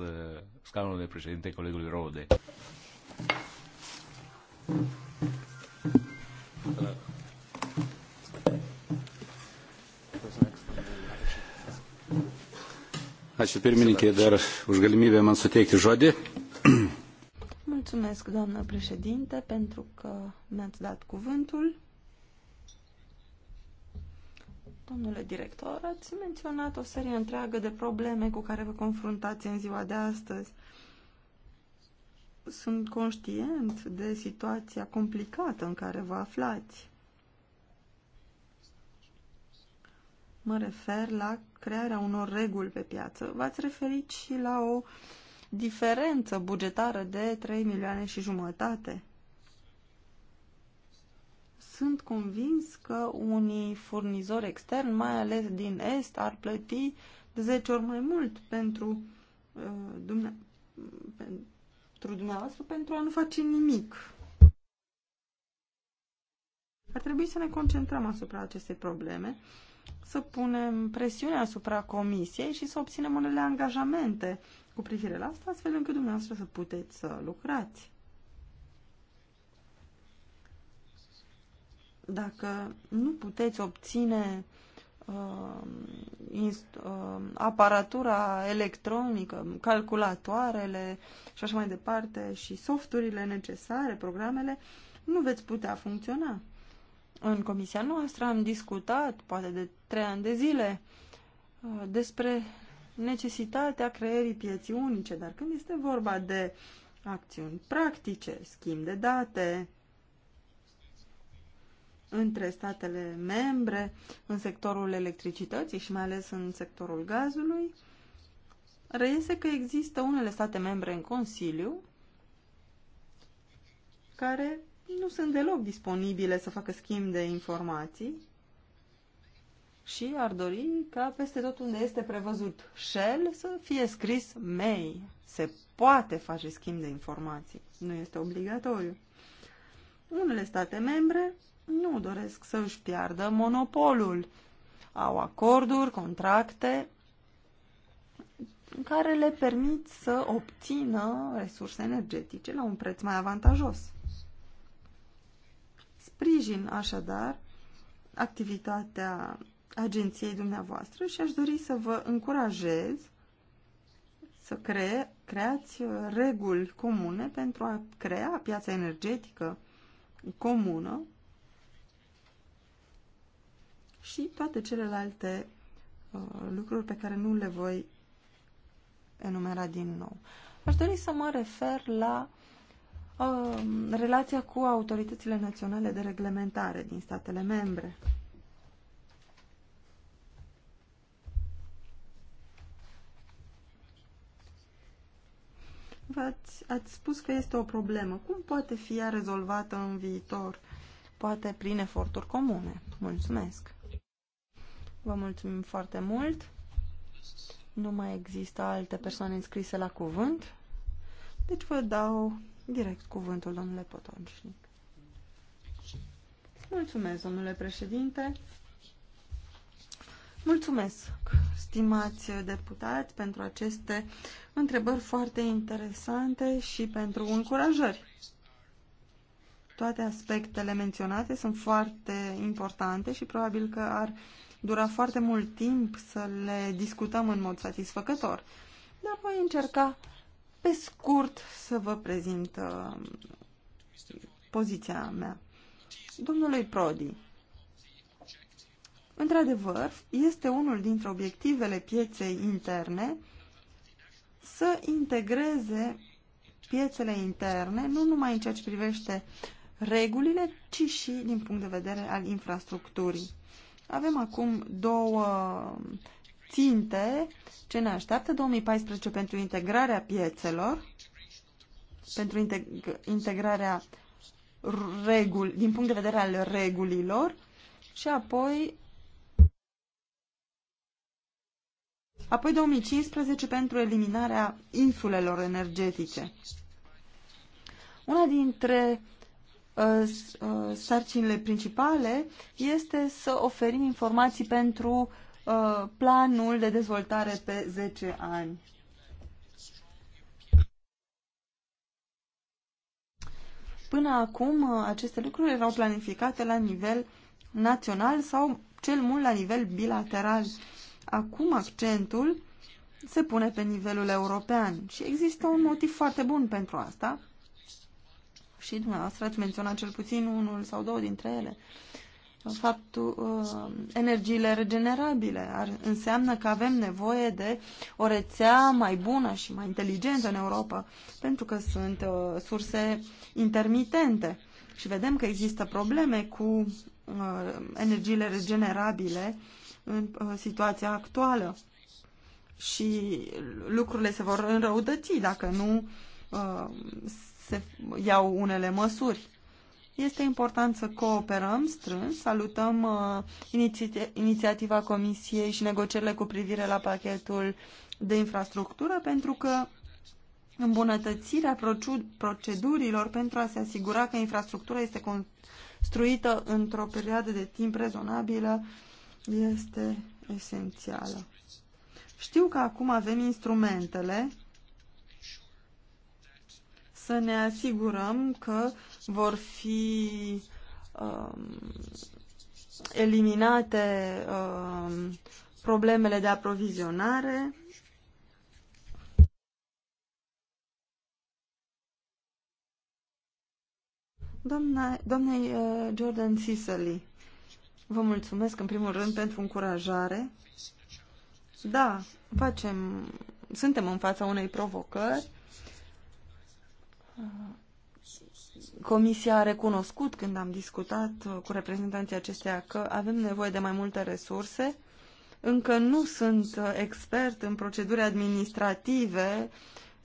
scaunul de președinte colegului Rode. Ačiū pirmininkė, dar už galimybę man suteikti žodį. Mulțumesc, doamnă președinte, pentru că mi-ați dat cuvântul. Domnule director, ați menționat o serie întreagă de probleme cu care vă confruntați în ziua de astăzi. Sunt conștient de situația complicată în care vă aflați. Mă refer la crearea unor reguli pe piață. V-ați referit și la o diferență bugetară de 3 milioane și jumătate sunt convins că unii furnizori externi, mai ales din Est, ar plăti de 10 ori mai mult pentru, uh, dumne- pentru dumneavoastră pentru a nu face nimic. Ar trebui să ne concentrăm asupra acestei probleme, să punem presiune asupra Comisiei și să obținem unele angajamente cu privire la asta, astfel încât dumneavoastră să puteți să lucrați. dacă nu puteți obține uh, uh, aparatura electronică, calculatoarele și așa mai departe și softurile necesare, programele, nu veți putea funcționa. În comisia noastră am discutat, poate de trei ani de zile, uh, despre necesitatea creierii pieții unice, dar când este vorba de acțiuni practice, schimb de date, între statele membre în sectorul electricității și mai ales în sectorul gazului, reiese că există unele state membre în Consiliu care nu sunt deloc disponibile să facă schimb de informații și ar dori ca peste tot unde este prevăzut Shell să fie scris MEI. Se poate face schimb de informații, nu este obligatoriu. Unele state membre nu doresc să își piardă monopolul. Au acorduri, contracte care le permit să obțină resurse energetice la un preț mai avantajos. Sprijin așadar activitatea agenției dumneavoastră și aș dori să vă încurajez să cre creați reguli comune pentru a crea piața energetică comună și toate celelalte uh, lucruri pe care nu le voi enumera din nou. Aș dori să mă refer la uh, relația cu autoritățile naționale de reglementare din statele membre. V-ați ați spus că este o problemă. Cum poate fi ea rezolvată în viitor? Poate prin eforturi comune. Mulțumesc! Vă mulțumim foarte mult. Nu mai există alte persoane înscrise la cuvânt. Deci vă dau direct cuvântul, domnule Potonșnic. Mulțumesc, domnule președinte. Mulțumesc, stimați deputați, pentru aceste întrebări foarte interesante și pentru încurajări. Toate aspectele menționate sunt foarte importante și probabil că ar dura foarte mult timp să le discutăm în mod satisfăcător, dar voi încerca pe scurt să vă prezint uh, poziția mea. Domnului Prodi, într-adevăr, este unul dintre obiectivele pieței interne să integreze piețele interne, nu numai în ceea ce privește regulile, ci și din punct de vedere al infrastructurii. Avem acum două ținte ce ne așteaptă 2014 pentru integrarea piețelor, pentru integ integrarea regul, din punct de vedere al regulilor și apoi apoi 2015 pentru eliminarea insulelor energetice. Una dintre Uh, uh, sarcinile principale este să oferim informații pentru uh, planul de dezvoltare pe 10 ani. Până acum, aceste lucruri erau planificate la nivel național sau cel mult la nivel bilateral. Acum accentul se pune pe nivelul european și există un motiv foarte bun pentru asta, și dumneavoastră ați menționat cel puțin unul sau două dintre ele. Faptul, uh, energiile regenerabile ar, înseamnă că avem nevoie de o rețea mai bună și mai inteligentă în Europa, pentru că sunt uh, surse intermitente și vedem că există probleme cu uh, energiile regenerabile în uh, situația actuală și lucrurile se vor înrăudăți dacă nu uh, se iau unele măsuri. Este important să cooperăm strâns. Salutăm uh, iniți- inițiativa Comisiei și negocierile cu privire la pachetul de infrastructură, pentru că îmbunătățirea procedurilor pentru a se asigura că infrastructura este construită într-o perioadă de timp rezonabilă este esențială. Știu că acum avem instrumentele să ne asigurăm că vor fi um, eliminate um, problemele de aprovizionare. Domnei uh, Jordan Cicely, vă mulțumesc în primul rând pentru încurajare. Da, facem, suntem în fața unei provocări Comisia a recunoscut când am discutat uh, cu reprezentanții acesteia că avem nevoie de mai multe resurse. Încă nu sunt uh, expert în proceduri administrative,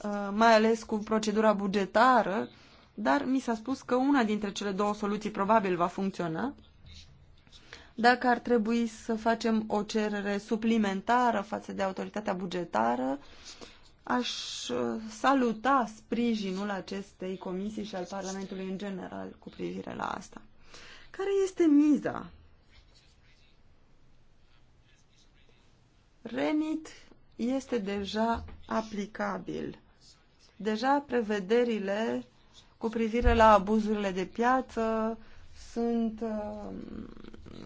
uh, mai ales cu procedura bugetară, dar mi s-a spus că una dintre cele două soluții probabil va funcționa. Dacă ar trebui să facem o cerere suplimentară față de autoritatea bugetară, uh, aș uh, saluta sprijinul acestei comisii și al Parlamentului în general cu privire la asta. Care este miza? RENIT este deja aplicabil. Deja prevederile cu privire la abuzurile de piață sunt, uh,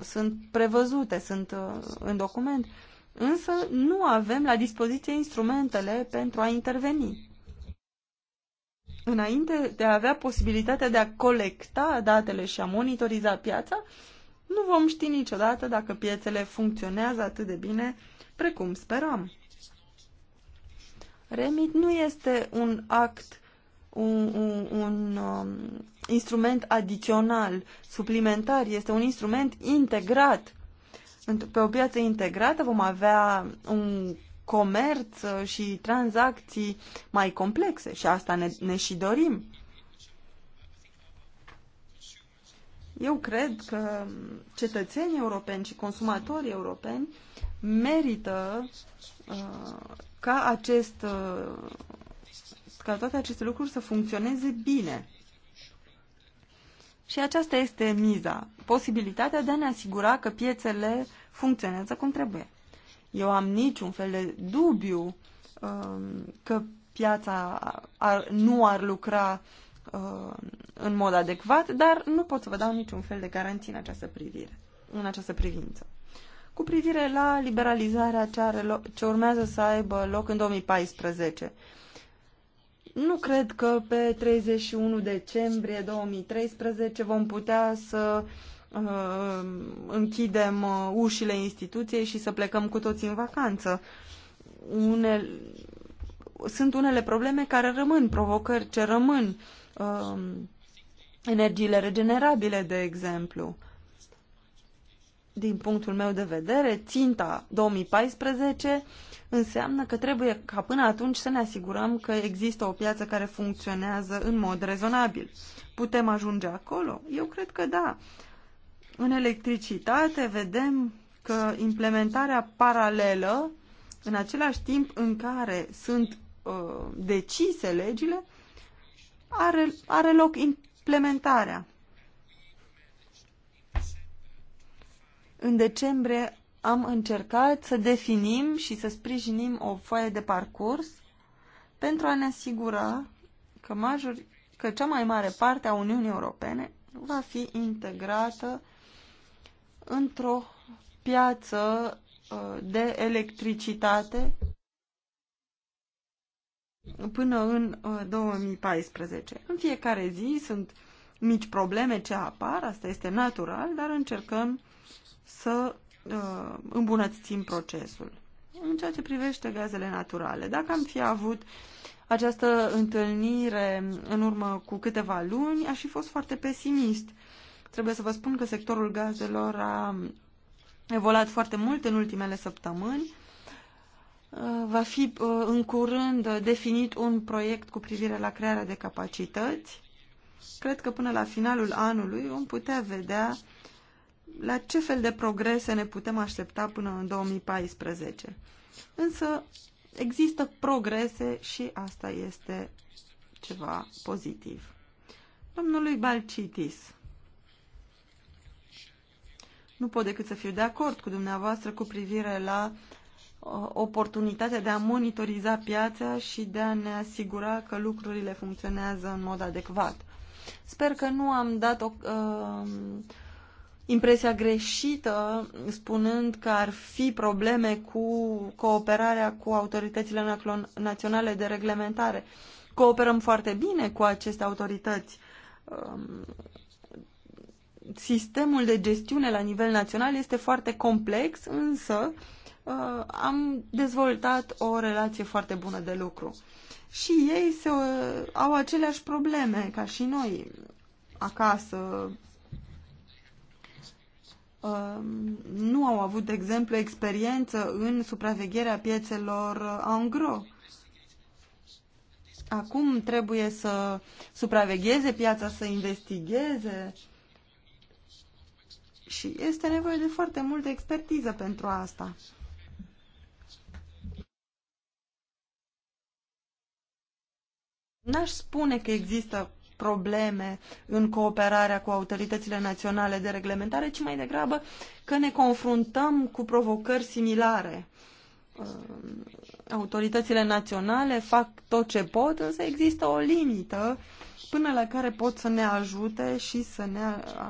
sunt prevăzute, sunt uh, în document însă nu avem la dispoziție instrumentele pentru a interveni. Înainte de a avea posibilitatea de a colecta datele și a monitoriza piața, nu vom ști niciodată dacă piețele funcționează atât de bine precum speram. Remit nu este un act, un, un, un um, instrument adițional, suplimentar, este un instrument integrat pe o piață integrată vom avea un comerț uh, și tranzacții mai complexe și asta ne, ne și dorim. Eu cred că cetățenii europeni și consumatorii europeni merită uh, ca acest uh, ca toate aceste lucruri să funcționeze bine. Și aceasta este miza, posibilitatea de a ne asigura că piețele funcționează cum trebuie. Eu am niciun fel de dubiu um, că piața ar, nu ar lucra uh, în mod adecvat, dar nu pot să vă dau niciun fel de garanție în această privire, în această privință. Cu privire la liberalizarea ce, are ce urmează să aibă loc în 2014, nu cred că pe 31 decembrie 2013 vom putea să uh, închidem uh, ușile instituției și să plecăm cu toții în vacanță. Unele... Sunt unele probleme care rămân, provocări ce rămân, uh, energiile regenerabile, de exemplu. Din punctul meu de vedere, ținta 2014 înseamnă că trebuie ca până atunci să ne asigurăm că există o piață care funcționează în mod rezonabil. Putem ajunge acolo? Eu cred că da. În electricitate vedem că implementarea paralelă, în același timp în care sunt uh, decise legile, are, are loc implementarea. În decembrie am încercat să definim și să sprijinim o foaie de parcurs pentru a ne asigura că, major, că cea mai mare parte a Uniunii Europene va fi integrată într-o piață uh, de electricitate până în 2014. Uh, în fiecare zi sunt mici probleme ce apar, asta este natural, dar încercăm să uh, îmbunătățim procesul. În ceea ce privește gazele naturale, dacă am fi avut această întâlnire în urmă cu câteva luni, aș fi fost foarte pesimist. Trebuie să vă spun că sectorul gazelor a evoluat foarte mult în ultimele săptămâni. Uh, va fi uh, în curând definit un proiect cu privire la crearea de capacități. Cred că până la finalul anului vom putea vedea la ce fel de progrese ne putem aștepta până în 2014. Însă există progrese și asta este ceva pozitiv. Domnului Balcitis, nu pot decât să fiu de acord cu dumneavoastră cu privire la oportunitatea de a monitoriza piața și de a ne asigura că lucrurile funcționează în mod adecvat. Sper că nu am dat o, uh, impresia greșită spunând că ar fi probleme cu cooperarea cu autoritățile naționale de reglementare. Cooperăm foarte bine cu aceste autorități. Um, sistemul de gestiune la nivel național este foarte complex, însă uh, am dezvoltat o relație foarte bună de lucru. Și ei se, uh, au aceleași probleme ca și noi acasă, Um, nu au avut, de exemplu, experiență în supravegherea piețelor angro. Uh, Acum trebuie să supravegheze piața, să investigheze și este nevoie de foarte multă expertiză pentru asta. N-aș spune că există probleme în cooperarea cu autoritățile naționale de reglementare, ci mai degrabă că ne confruntăm cu provocări similare. Autoritățile naționale fac tot ce pot, însă există o limită până la care pot să ne ajute și să ne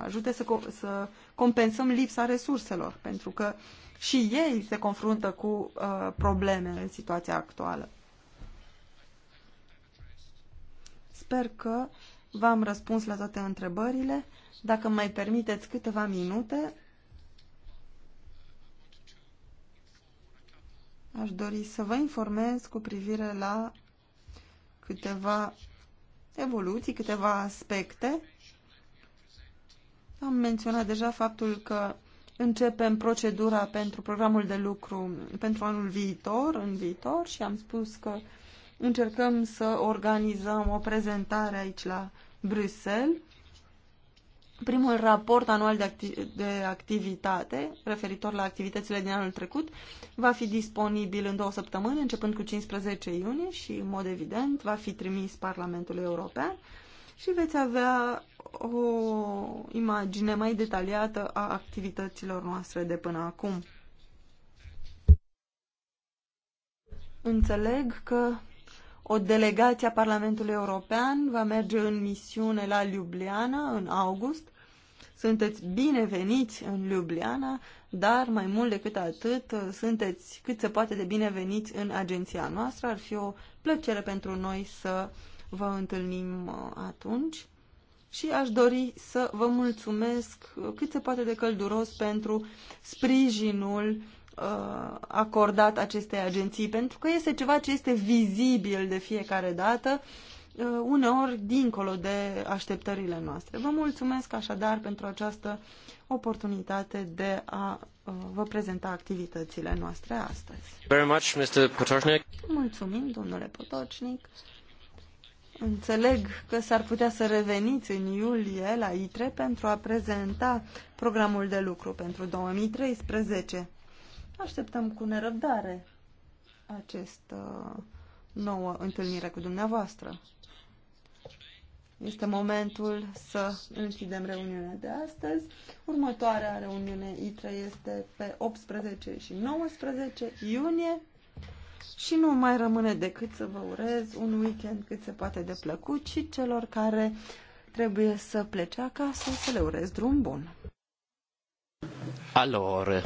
ajute să, co- să compensăm lipsa resurselor, pentru că și ei se confruntă cu uh, probleme în situația actuală. Sper că V-am răspuns la toate întrebările. Dacă mai permiteți câteva minute, aș dori să vă informez cu privire la câteva evoluții, câteva aspecte. Am menționat deja faptul că începem procedura pentru programul de lucru pentru anul viitor, în viitor și am spus că Încercăm să organizăm o prezentare aici la Bruxelles. Primul raport anual de, acti- de activitate, referitor la activitățile din anul trecut, va fi disponibil în două săptămâni, începând cu 15 iunie și, în mod evident, va fi trimis Parlamentului European și veți avea o imagine mai detaliată a activităților noastre de până acum. Înțeleg că o delegație a Parlamentului European va merge în misiune la Ljubljana în august. Sunteți bineveniți în Ljubljana, dar mai mult decât atât, sunteți cât se poate de bineveniți în agenția noastră. Ar fi o plăcere pentru noi să vă întâlnim uh, atunci și aș dori să vă mulțumesc cât se poate de călduros pentru sprijinul Uh, acordat acestei agenții, pentru că este ceva ce este vizibil de fiecare dată, uh, uneori dincolo de așteptările noastre. Vă mulțumesc așadar pentru această oportunitate de a uh, vă prezenta activitățile noastre astăzi. Very much, Mr. Potocnik. Mulțumim, domnule Potocnic. Înțeleg că s-ar putea să reveniți în iulie la ITRE pentru a prezenta programul de lucru pentru 2013. Așteptăm cu nerăbdare această uh, nouă întâlnire cu dumneavoastră. Este momentul să închidem reuniunea de astăzi. Următoarea reuniune ITRE este pe 18 și 19 iunie și nu mai rămâne decât să vă urez un weekend cât se poate de plăcut și celor care trebuie să plece acasă să le urez drum bun. Alor.